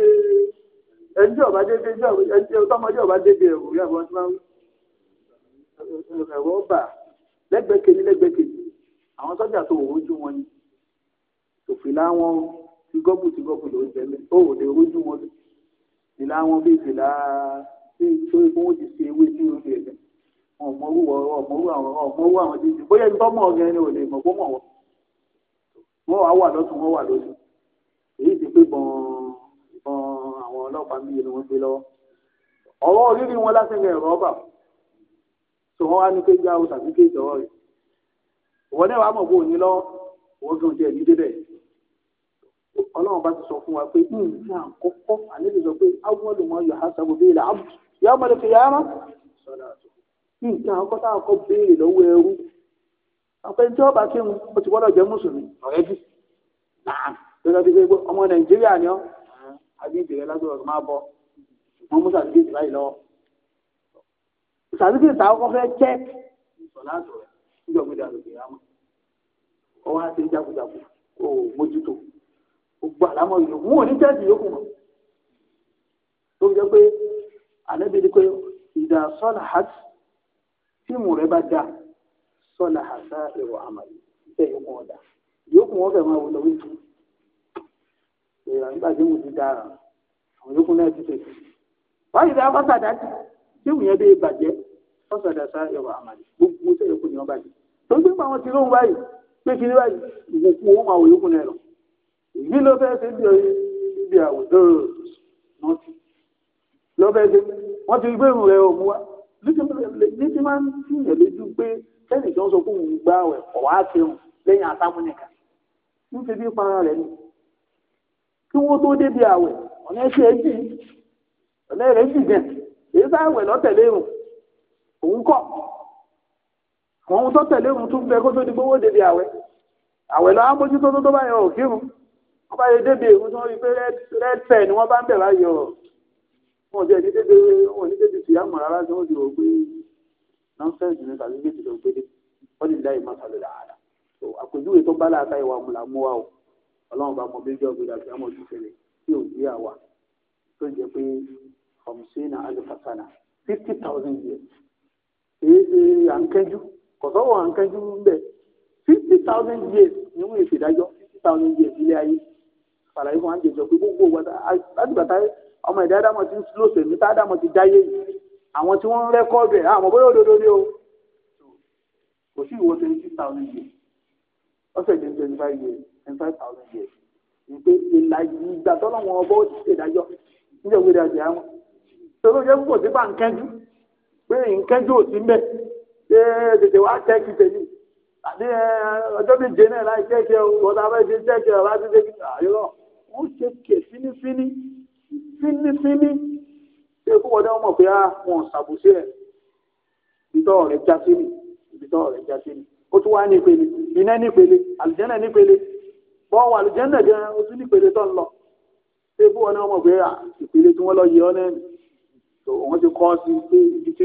ẹni tí ọba débi ẹni tí ọmọdé ọba débi ẹ̀wò yà bọ́ sí máa ń ẹ̀wọ́ bà lẹ́gbẹ̀ẹ́ kejì lẹ́gbẹ̀ẹ́ kejì àwọn sọ́jà tó wò ó ju wọn ni òfìlà wọn ti gọ́bù ti gọ́bù ló ń jẹ mẹ́ ó ò lè rójú wọn ìlà wọn bíi ìlà tí tó ikú ti ṣe ewé tí ó lè jẹ mẹ́ ọmọwú àwọn jíjìn bóyá ibi tọ́mọ̀ ọ̀gẹ́ ni ò lè mọ̀ kó mọ̀ wọ́n wá wà lọ́tún wọ́n wà lọ́sùn èyí ti pé bọ̀n ìbọn àwọn ọlọ́pàá ń bí inú wọn gbé lọ́wọ́ ọ̀rọ̀ oríire wọn lásìkò rọ́bà tó wọ́n wá ní pé jáwó tàbí kéjì ọ̀rọ̀ rẹ̀ ìwọ náà wàá mọ̀ bó ní lọ́wọ́ wọ́n gan jẹ́ ní débẹ̀ ọlọ́run bá ti sọ fún wa pé hmm, nǹkan àkọ́kọ́ àlejò sọ pé awọ́lùmọ́ yọ̀ nǹkan àkọ́kọ́ táwọn kọ́ béèrè lọ́wọ́ ẹrú ọ̀pẹ tí ọba kí mu ó ti gbọ́dọ̀ jẹ́ mùsùlùmí ọ̀rẹ́ bì náà lọ́dọ̀ ti gbé ọmọ nàìjíríà ni ọ́ àbí ìbẹ̀rẹ̀ lágbèrè máa bọ̀ wọ́n mú sàdúgbèsì báyìí lọ́wọ́ sàdúgbèsì táwọn kọ́ fẹ́ jẹ́ ìsọ̀láàtọ̀ rẹ̀ níjọba ìdàlù ìyàmọ̀ ọwọ́ àti jákujáku kò mójútó gbogbo àlámọ̀ yìí wọn ò ní tẹ́sí yókù mọ́ tó ń jẹ́ pé àlẹ́bí ni pé ìdá sọ́lá hàtì tí mò rẹ bá dà sọlá àṣà èrò àmàlẹ bẹ́ẹ̀ yóò kún ọdà yóò kún ọbẹ máa wò lọ wíjú èrò àgbà tí mo ti dára àwọn yóò kún náà ti tètè wáyé dá fásádà tí mo yẹn bẹ́ẹ̀ bàjẹ́ fásádà sá èrò àmàlẹ gbogbo sẹ́yìn kún ni wọ́n bàjẹ́ tó ń gbé pa àwọn tí lóhùn báyìí pé kí ni báyìí ìgbòkú owó máa wò yóò náà lọ ìbí ló fẹ́ ṣe bí àwùjọ ní ti máa ń tìyàn lójú pé kẹ́nìkan sọ fún òun gbá ẹ̀ ọ̀wá ṣeun lẹ́yìn àtàmúnìkà ń fi bí para rẹ̀ ni kí wọ́n tó débi àwẹ̀ ọ̀nà ẹ̀ṣẹ̀ ẹ̀jì ọ̀nà ẹ̀rẹ̀ jì gẹ̀ èyí bá àwẹ̀ lọ́tẹ̀lé òun òun kọ̀ àwọn ohun tó tẹ̀lé òun tún bẹ kó tó di gbówó débi àwẹ̀ àwẹ̀ lọ amójútó tó tó bá yẹ òkírun wọ́n bá yẹ débi èyí tó rí pé red pen ni wọ́n bá ń bẹ̀ láyọ̀ wọn ò jẹ́ ní débi wọn ò ní débi tìyàmù rárá tí wọ́n ti rò pé nọ́ńsẹ̀nsì ní tàbí méjì ló ń gbélé wọ́n lè láyé má sálẹ̀ làálà tó àpèjúwe tó bá láàká ìwà múlamúwa o ọlọ́run bá mọ méjì ọ̀gbìn àti àmọ̀ tó ṣẹlẹ̀ tí ò yé àwa tó jẹ́ pé ọ̀mùsínà alifasana fifty thousand years èyí à ń kẹ́jú kọ̀sọ́wọ́ à ń kẹ́jú bẹ́ẹ̀ fifty thousand years ni wọ́n èsì ìdájọ́ fifty thousand years ilé ayé àlàyé fún wa ń jẹjọ pé gbogbo wa láti bàtà ọmọ ìdá dámọ̀ ti ń lòsèlú tá dámọ̀ ti dáyé yìí àwọn tí wọ́n ń rẹ́kọ́ọ̀dù ẹ̀ àwọn bóyá òdodo ni o kò sí ìwọ twenty thousand years ọ̀sẹ̀ jẹ́ twenty five years twenty five thousand years ní pé ìlàjì ìgbà tọ́lọ́wọ́n ọbọ̀ ó ti ṣe ìdájọ́ níjẹ́ òwe ìdájọ́ àwọn tòló jẹ́ púpọ̀ sí bá ń kẹ́jú pé ìkẹ́jú ò sí mbẹ́ ṣé tètè wá tẹ́kì tèmi àbí ọjọ́ méje náà láì tẹ́kì ọ̀dà bá ṣe tẹ́kì ọ̀dà bá ṣe tẹ́kì àyọ̀ wọ́n ṣe kè fínífíní fínífíní ṣé kó wọlé ọmọ pé ah, wọn ṣàbùsí ẹ̀ ìtọ́ rẹ̀ já sí ni ìtọ́ rẹ̀ já sí ni ó tún wá ní ìpele iná ní ìpele àlùjẹ́nà ní ìpele bọ́ọ̀wọ̀ àlùjẹ́nà gan ó tún ní ìpele tó ń lọ ṣé kó wọlé ọmọ pé ah, ìpele tí wọ́n lọ yẹ ọ́ náà ni òun ti kọ́ sí pé ibi tí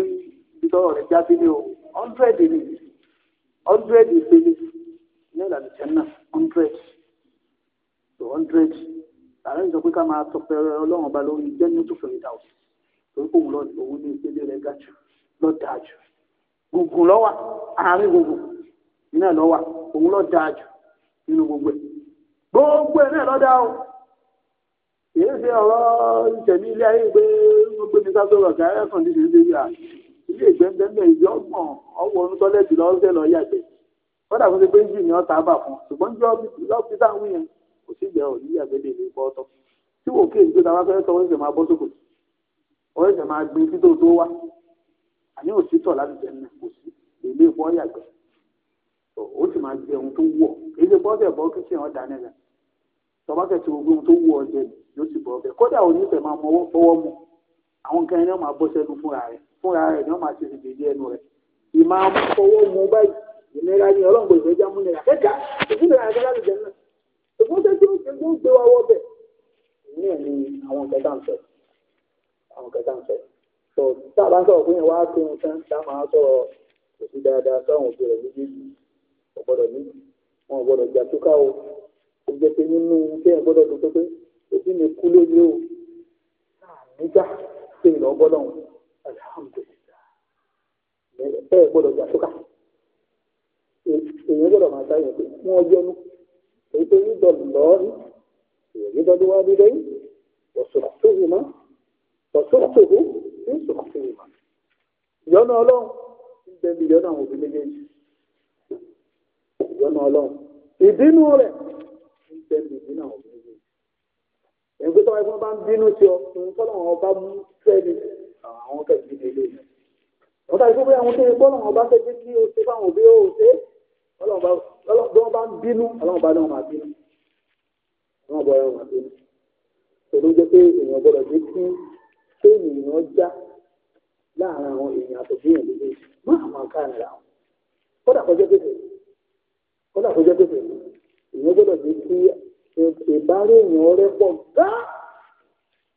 ìtọ́ rẹ̀ ni o hundred ni hundred ìpele ní àlùjẹ́nà hundred to hundred àárín ìjọ pé ká máa tọpẹ ọlọ́run ọba lórí jẹ́ ní tó fèrè dáwọ́ torí kò wúlọ òun ní ìpele rẹ̀ ga jù lọ dáa jù gùngùn lọ́wà àárín gùngùn iná lọ́wà òun lọ dáa jù nínú gbogbo ẹ̀ gbogbo ẹ̀ náà lọ́dá o èyí ṣe ọ̀rọ̀ ìṣẹ̀mí ilé ayé pé wọ́n gbé mi sáfẹ́ ọ̀rọ̀ káyọ̀ kan ní ìṣẹ̀lẹ̀ ìyá ilé ìgbẹ́ńgbẹ́ńgbẹ́ ìjọ ọgbọ̀n ọwọ́ ọdún tọ́lẹ̀tì lọ́sẹ̀ lọ yàgbẹ́ kọ́dà fún ti pé jì ní ọ̀tá bà fún ṣùgbọ́n jọ lọ́pítà wíyẹn kò sí ìgbẹ́ òní yàgbẹ́ lè ní bọ́ọ̀tọ̀ tí wò kéèké tá a bá fẹ́ sọ wọ́n ṣe máa bọ́ sókòtì ó ṣẹ̀ṣẹ̀ máa gbé títò tó wá àní òsítọ̀ láti jẹ nínú kò sí èlé ìfọ́ yàgbẹ́ ó sì máa jẹ ohun tó wù ọ́ kì í ṣe bọ́ọ̀bẹ̀ bọ́ kí ṣèyàn dání rẹ̀ tọ́ba kẹ̀tì gbogbo ohun tó wù ọ́ jẹ yóò sì bọ́ọ̀bẹ̀ kódà òní ìfẹ́ máa mọ fọwọ́ mu àwọn nǹkan ẹni máa bọ́ sẹ́nu fúnra rẹ̀ fúnra rẹ̀ ni wọ́n máa ṣe ìdèdè ẹnu rẹ̀ ìmáa fọwọ́ mu báyìí ìnira ni ọlọ́run gbèsè já mú ní ẹ̀ àwọn ìjọba ń àwọn kẹta ń sọ so tá a bá ń sọ̀rọ̀ pé wàá tó nǹkan tá a máa sọ̀rọ̀ kò sí dáadáa sáwọn òbí rẹ̀ méjèèjì kò gbọ́dọ̀ ní wọn ò gbọ́dọ̀ jà túká o kò jẹ́ pé nínú kí ẹ gbọ́dọ̀ dùn pé òbí mi kú lóye o nígbà pé ìlọ gbọ́dọ̀ wọn alihamudulilayi ẹ gbọ́dọ̀ jà túká èèyàn gbọ́dọ̀ máa sáyẹn pé wọ́n yọnu èyí tó yí dọ̀ lọ́ọ́ rí èyí dọ́dún wá dídẹ́yìn ọ̀sùn àtúnyìí náà ọ̀ṣọ́tòbó ní ìṣòkòtò ìmọ̀ ìyọ́nà ọlọ́run ń bẹ̀rù ìyọ́nà àwọn òbí méjèèjì ìyọ́nà ọlọ́run ìbínú rẹ̀ ń bẹ̀rù ìbínú àwọn òbí méjèèjì ẹgbẹ́ tó wáyé fún bá ń bínú sí ọ òun tọ́lọ̀ wọn bá mú fẹ́ẹ́ni àwọn kẹ̀kẹ́ ní ilé rẹ̀ wọ́n tàbí pé àwọn kéde bọ́ọ̀lù wọn bá fẹ́ pé kí o ṣe fáwọn òbí ó ṣe ọlọ́run bá ń bínú ọlọ́run bá náà máa bínú ọlọ́run bá náà máa bínú ènìyàn já láàrin àwọn èèyàn àtòkíyàn lélẹ̀ má àwọn akáàrin rà wọn kódà kọjá pépè kódà kọjá pépè èèyàn kí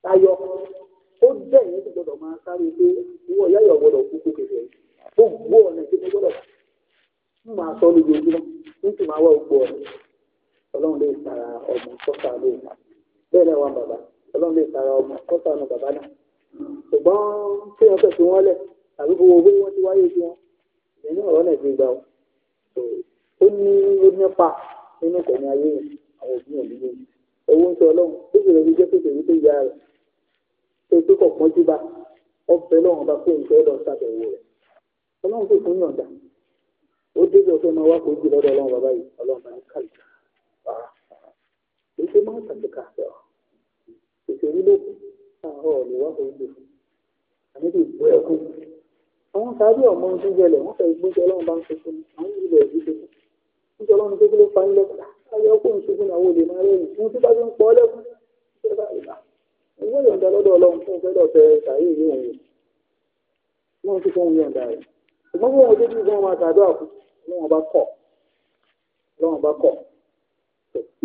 tayọ ó máa sáré pé ìwọ kú kó ọ̀nà ń máa sọ ń sì máa wá ọ̀nà ọlọ́run lè tara ọmọ lóòótọ́ bẹ́ẹ̀ náà wà bàbá ọlọ́run ṣùgbọ́n kéèyàn kẹ̀ fi wọ́n lẹ̀ tàbí gbogbo owó wọn ti wáyé sí wọn ìyẹn ní ọ̀rọ̀ náà ti gbà ó ó ní ó nípa nínú kẹ̀mí ayé yẹn àwọn òbí yẹn nínú owó ń sọ ọlọ́run ó sì lè fi jẹ́ pèsè wípé ìyá rẹ̀ tó tó kọ̀ pọ́n jú bá ọbẹ̀ lọ́run bá kó ìṣe ọ̀dọ̀ ṣàbẹ̀wò rẹ̀ ọlọ́run sì fún yọ̀ǹda ó débi ọ̀fẹ́ máa wá kó jù lọ́dọ̀ ọlọ́run bàbá yìí ọlọ́run bá ní kàlùkà ètò máa tàbí kàfẹ́ ọ̀ ètò orílẹ̀-èdè àhọ lè wá fẹ́ gbé fún àníbi ìbú ẹkún àwọn sáájú ọmọ ń tún jẹlẹ wọn fẹ́ gbé jẹ Ọlọ́run bá ń ṣe fún mi àwọn ìlú ẹbí ṣe fún mi níjọ Ọlọ́run tó kílé pa ń lẹkùn ayọ̀ kó ń ṣubú ní àwọn olè máa rẹ ìfún tí bá fi ń pọ lẹkùn ìjọba ìbá ìwé yọ̀ǹda lọ́dọ̀ Ọlọ́run fún ìfẹ́ lọ́tẹ sàárè ìwé òun wọn ti fún yọ̀ǹda rẹ̀ ṣùgbọ́n bí wọn débi wọn máa tàdó àkú Ọlọ́run bá kọ̀ Ọlọ́run bá kọ̀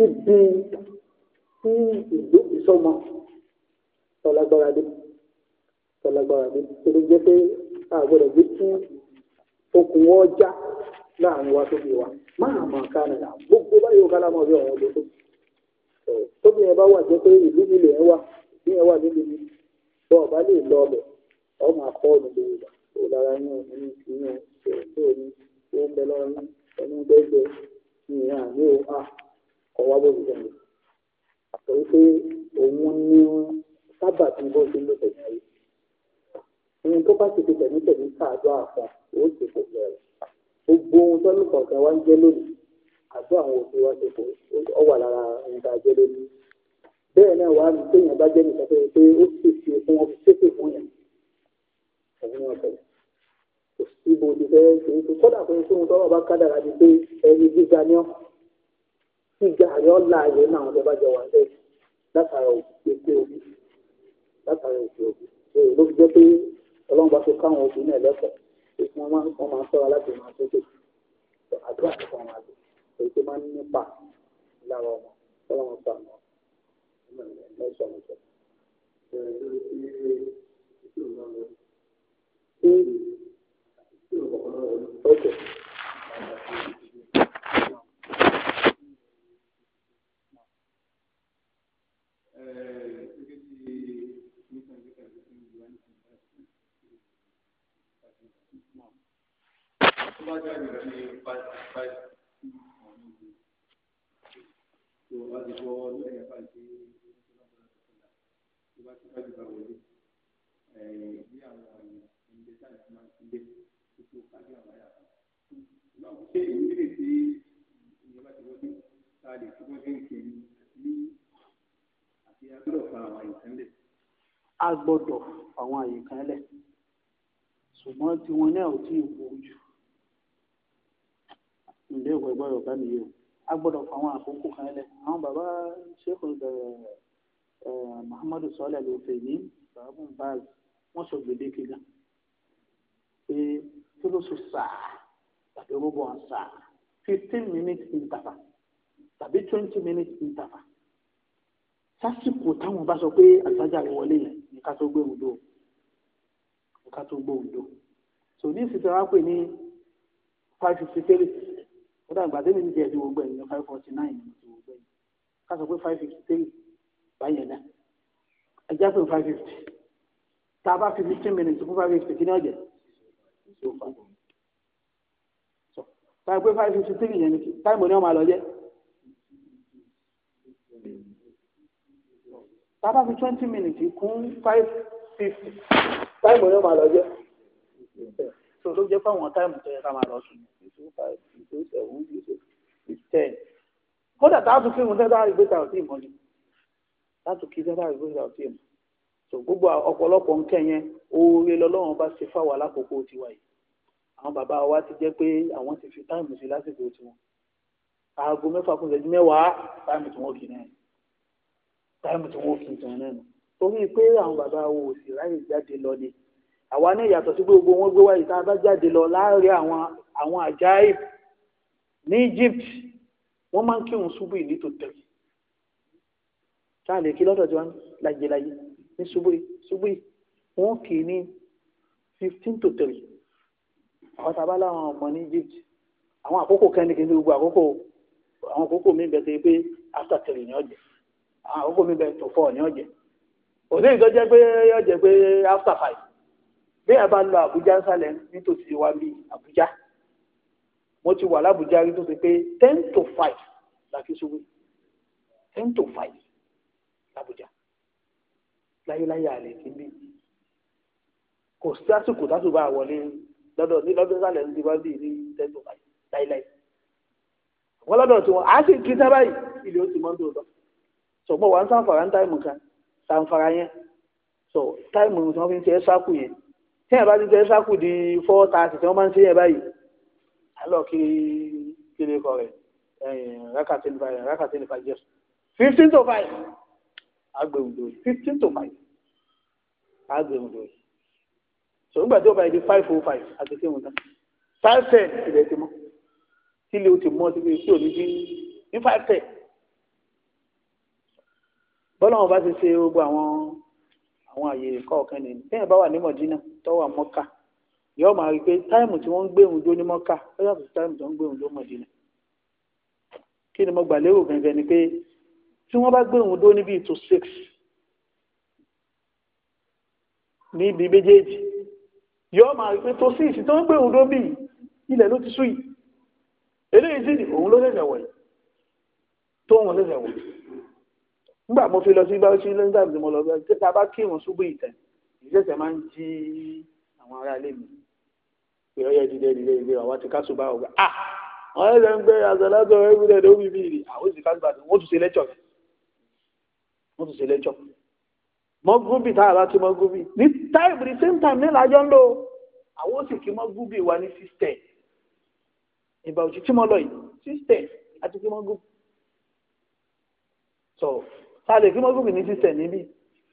ibi tí ìlú ìsọmọ tọ́lágbára dé tọ́lágbára dé torí jẹ́ pé àgbọ̀dọ̀ gbé kí okùn wọn já láàrin wa tóbi wa máa mọ̀ ká nìyà gbogbo báyìí ó kálá mọ̀ bí ọ̀rọ̀ lóko tóbi yẹn bá wà jẹ́ pé ìlú mi lè ń wà bí yẹn wà níbi mi bọ́ ọ̀bá lè lọ ọbẹ̀ ọmọ akọ́ ọ̀nà lè wà ó lára yín òní ìyẹn tó ní ó ń bẹ lọ́rọ̀ yín ẹni gbẹ́gbẹ́ ìyẹn àmì ó hà ọwá bó ti jẹun àtọ̀ wípé òun ní sábà bí bó ṣe ń lò tẹ̀lé ayé ohun tó bá ti fi tẹ̀lé tẹ̀lé káàdó àfọn ó ti kò bẹ̀rẹ̀ gbogbo ohun tó ní kọ̀ọ̀kan wá ń jẹ́ lónìí àdó àwọn òbí wa ti kò ó wà lára ohun tá a jẹ́ lónìí bẹ́ẹ̀ náà wàá rí téèyàn bá jẹ́ nìkan tó yẹ pé ó sì fi fún ọ ṣépè fún yẹn ẹ̀mí wọn bẹ̀rẹ̀ kò ti fẹ́ ṣe é kódà pé kí ohun tọ́wọ́ bá kádàrà ni pé ẹni gíga ni ọ́ gíga rẹ̀ ọ́ láàyè náà tó bá jọ wà lẹ́yìn látara òkú pé pé omi látara òkè òbí ṣe ló fi jẹ́ pé ọlọ́run bá fi káwọn òbí náà lẹ́kọ̀ọ́ pé kí wọ́n máa ń sọ́ra láti máa tókè àdúrà tó fún àwọn àgbẹ̀ èyí tó máa ń nípa lára ọmọ ọlọ́run sọ àmọ́ mẹ́sàn-án mẹ́sàn-án. Okay. Uh... tó bá jáde rẹ̀ ní five five tó a ti fọ lórí ẹ̀ka ìpè tó bá ti jáde rẹ̀ wọlé bí àwọn àyè ìgbé táyà ti máa ń gbé tó kájú àwọn àyà kan. ìgbàgbọ́ ṣe ìwúlẹ̀ sí ìjọba ti wọlé tá a lè fi wọ́n dé ìkẹ́ni ní àti agbọ́dọ̀ fa àwọn àyè kan lẹ̀. a gbọ́dọ̀ àwọn àyè kan lẹ̀ ṣùgbọ́n tiwọn náà ò tí ì wọ́n jù. ǹdẹ́ ìwọ ìgbọ́dọ̀ bá mi o a gbọdọ fọ àwọn àkókò kan lẹ̀ àwọn bàbá sẹ́kùn eh, eh, muhammadu sọ́lẹ̀ ló fẹ́ ní bàbá baz wọn sọ gbèdéke gan pé tó sáà tàbí rúbọ sáà minutes tàbí twenty minutes interval sásìkò táwọn bá sọ pé àtàjà wọlé ní ká tó gbé ní ká tó gbé wá pè ní five fifty three. kódà gbàdé mi jẹ́ ẹ̀dínwó gbẹ̀yìn ní five forty nine ní ìdínwó gbẹ̀yìn ká sọ pé five fifty three báyẹn náà ẹ pé five fifty tá a bá fi fifteen minutes fún five fifty kí ni ọ̀jẹ̀ ṣe ó fa sọ táyà pé five fifty three yẹn ni táìmù ni wọ́n máa jẹ́ tá a bá fi twenty minutes kún five fifty táìmù ni wọ́n máa lọ jẹ́ tó ló jẹ́ fáwọn táìmù tó yẹ ká máa lọ sùn six oh five six seven six ten kódà táàtù kí tẹ́tà ìgbésà ò tí ì mọ́ ni táàtù kí tẹ́tà ìgbésà ò tí ì mọ́ tó gbogbo ọ̀pọ̀lọpọ̀ nǹkan yẹn oore lọ́lọ́run bá ṣe fáwọn alákòókò tiwa yìí àwọn bàbá wa ti jẹ́ pé àwọn ti fi táìmù sí lásìkò tiwọn aago mẹ́fà kún ìṣẹ́jú mẹ́wàá táìmù tí wọ́n kì náà táìmù tí wọ́n kì í àwa ní ìyàtọ̀ sí gbogbo wọn gbé wáyé tá a bá jáde lọ láàárín àwọn àwọn àjáìb ní Egypt wọ́n máa ń kírun ṣubú ìlú tó tẹ̀lé tá a lè kí lọ́dọ̀ tí wọ́n láyéláyé ní ṣubú ṣubú wọ́n kì í ní fifteen to three àwọn tá a bá láwọn ọmọ ní Egypt àwọn àkókò kan ní kí n gbogbo àkókò àwọn àkókò mi bẹ̀ tẹ́ pé after three ni ọ̀jẹ̀ àwọn àkókò mi bẹ̀ tó four ni ọ̀jẹ̀ òní ìtọ́jẹ́ pé ọ̀jẹ̀ pé after five bẹ́ẹ̀ bá lọ àbújá sálẹ̀ nítòsí wa bíi àbújá mo ti wà lábújá rí tó pé ten to five la fi ṣubú ten to five lábújá láyéláyé àlẹ́ ti bí kò sí àsìkò tásù bá wọlé lọ́dọ̀ ní lọ́dún sálẹ̀ ní wa bíi ní ten to five láyéláyé wọ́n lọ́dọ̀ tí wọ́n á sì kí sábà yìí ilé ó ti mọ́ tó lọ sọ̀gbọ́n wa ń sàǹfàrà ń táìmù kan sàǹfàrà yẹn sọ táìmù tí wọ́n fi ń ṣe é sáàkù yẹn tí ẹ̀ bá ti tẹ sáàkù di four thirty tí wọ́n máa ń ṣe yẹn báyìí alọ́ kiri kiri kọ rẹ̀ rákàtí nípa rẹ̀ rákàtí nípa jẹ́ fifteen to five agbèwòdò fifteen to five agbèwòdò so nígbà tí ó báyìí di five oh five àti kí wọn tán five ten ilẹ̀ ti mọ́ tí ilé o ti mọ́ síbi tí ò ní bí five ten bọ́lá wọn bá ti ṣe gbogbo àwọn àwọn àyè kọ̀ọ̀kan nìyí bẹ́ẹ̀ bá wà ní mọ̀dínà tó wà mọ́kà yóò máa rí i pé táìmù tí wọ́n ń gbéhùn dó ní mọ́kà ó yàtọ̀ sí táìmù tó ń gbéhùn dó mọ̀dínà kí ni mo gbà lérò gangan ni pé tí wọ́n bá gbéhùn dó níbi two six níbi méjèèjì yóò máa rí i pé two six tó ń gbéhùn dó bíi ilẹ̀ ló ti sú yìí eléyìí sì ni òun ló ṣẹ̀ṣẹ̀ wọ̀ yìí tó wọn ṣẹ̀ṣẹ̀ wọ̀ yìí nígbà mo fi lọ sí báwọsí lẹ́ńdà tí mo lọ bá ṣe tá a bá kírun ṣubú ìtẹ̀ ìṣẹ̀ṣẹ̀ máa ń jí àwọn ará ilé mi pé ọyẹ dìde dìde dìde àwa ti kásù bá ọgbà ah wọn ẹ lẹ ń gbé àzàlágbà ẹgbẹ rẹ lórí mi rì àwọn òsì kásù bá ti wọn tún ṣe lẹ́jọ́ rẹ wọn tún ṣe lẹ́jọ́ mọ́gúbì tá a bá ti mọ́gúbì ní táìpù ní same time ní làjọ ń lò àwọn òsì kí mọ́gúbì wa ní system ìgbà òjì tí mo lọ yìí system àti kí mọ́gúbì. So ta lè fi mọ́gùnmí ní sísẹ̀ níbí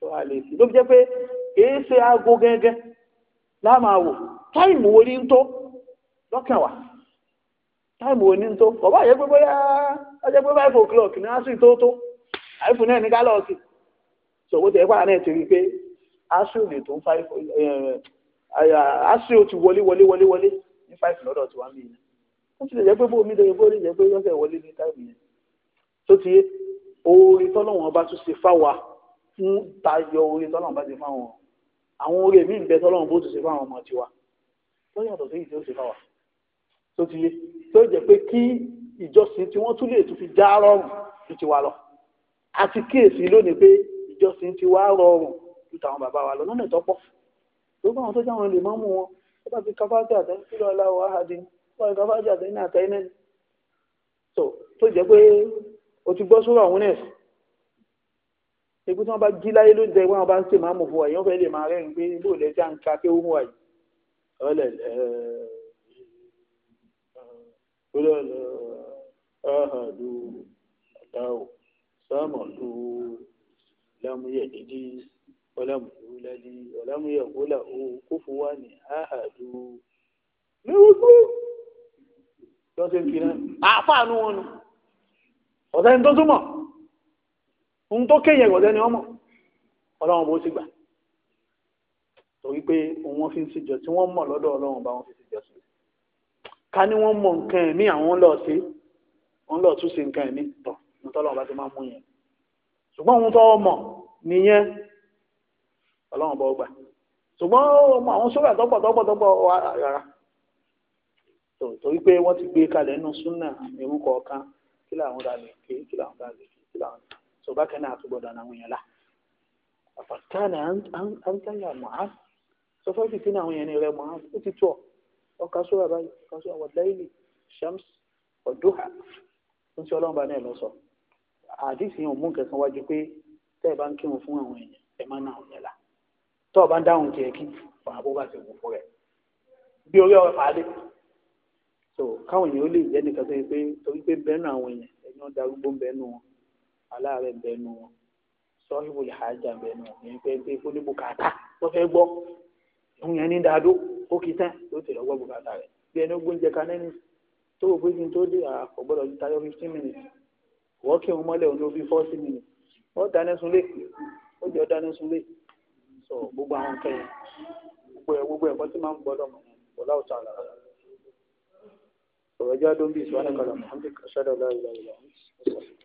tó lè fi ló jẹ́ pé èé ṣe aago gẹ́gẹ́ láàmà táìmù wo ní tó lọ́kàn táìmù wo ní tó ọ̀bá yẹ pé bóyá ọjọ́ pé five o'clock ní tó àìfún náà ní gálọ́ọ̀sì ṣòwò tẹ̀ pàrọ̀ ti pé lè tó omi tó oore tọ́lọ́wọ́n bá tún ṣe fáwa fún tayọ oore tọ́lọ́wọ́n bá ṣe fáwọn àwọn oore mi ń bẹ tọ́lọ́wọ́n bó tún ṣe fáwọn ọmọ tiwa tó yàtọ̀ sí ìṣe ó ṣe fáwa tó ti yé tó jẹ́ pé kí ìjọsìn tí wọ́n tún lè tún fi já rọrùn ju tiwa lọ àti kíyèsí lónìí pé ìjọsìn tiwa rọrùn ju tàwọn bàbá wa lọ lọ́nà ìtọ́pọ̀ tó bá wọn tó jáwọn lè mọ́ mú wọn tó bá ti káfájà àtẹ́yìn sílọ̀ o ti gbọ́ sórí ọ̀hún nẹ̀ ebi tí wọ́n bá jí láyé ló ń jẹ́ wọ́n bá ń ṣe máa mú fún wa èèyàn fẹ́ lè máa rẹ́rìn pé bó lẹ́ já ń ka pé ó mú wa yìí ọ̀lẹ̀ ọ̀lẹ̀ ahadu aláwọ̀ sámọ̀tò lámúyẹ̀ dídí ọlámùyẹ̀ lálí ọlámúyẹ̀ wọlà ó kófó wá ní ahadu lẹ́wọ́gbó lọ́sẹ̀ ń fi náà àfáànú wọn nù ọ̀sẹ́ni tó túmọ̀ ohun tó kéyẹ ọ̀sẹ́ni ọmọ ọlọ́run bó ti gbà torí pé wọ́n fi ń ṣèjọ tí wọ́n mọ̀ lọ́dọ̀ ọlọ́run bá wọn fi ṣèjọ sí ká ní wọ́n mọ nǹkan ẹ̀mí àwọn lọ sí wọ́n lọ tún ṣe nǹkan ẹ̀mí tọ̀ nítọ́lọ́run bá ti máa mú yẹn ṣùgbọ́n ohun tó mọ̀ nìyẹn ọlọ́run bọ́ gbà ṣùgbọ́n ọmọ àwọn sóra tọ́pọ̀ tọ́pọ̀ tọ́pọ̀ rárá torí pé wọ́n ti gbé kalẹ̀ nínú súnà ìrúkọ kan kí làwọn ra lè ké kí làwọn ra lè ké kí làwọn sọ bákan náà àti gbọdọ̀ àwọn èèyàn la àfàkánà àǹtàyà mọ̀á sọ fẹ́ fìtí náà àwọn èèyàn ni rẹ mọ̀á ó ti tọ̀ ọkà sóra báyìí ọkà sóra wà láìlì shams ọdúnhà ń tí ọlọ́run bá náà lọ sọ àdìsí yẹn ò mú nǹkan kan wájú pé tẹ́ ẹ bá ń kírun fún àwọn èèyàn ẹ má náà yẹn la tọ́ ọ bá ń dáhùn tiẹ̀ kí fún àbúrò àti òkú fún rẹ̀ bí orí ọ̀rẹ́ pàdé so káwọn èèyàn ó lè jẹ́ nìkan tó yẹ pé torí pé bẹ́ẹ̀nu àwọn èèyàn ẹ̀yàn darúgbó bẹ́ẹ̀nu wọn aláàárẹ̀ bẹ́ẹ̀nu wọn sọ́ọ́hìbò lè hájà bẹ́ẹ̀nu wọn èèyàn fẹ́ gbé fún ní bùkátà tó fẹ́ gbọ́ òun yẹn ní dáadó ó kì í tán ló ti lọ́gbọ́ bùkátà rẹ̀ bí ẹni ogún jẹ ká nẹ́ni tó o gbégi tó dé àkọ́gbọ́dọ̀ ti tayọ fifteen minutes wọ́n kí wọn mọ́lẹ̀ òun ó fi forty minutes wọ́n dáná sunlé ó jẹ́ dáná sunlé sọ gbogbo àwọn kẹyìn wajen don bi su wani kalan hamdik ashada la ilaha illa anta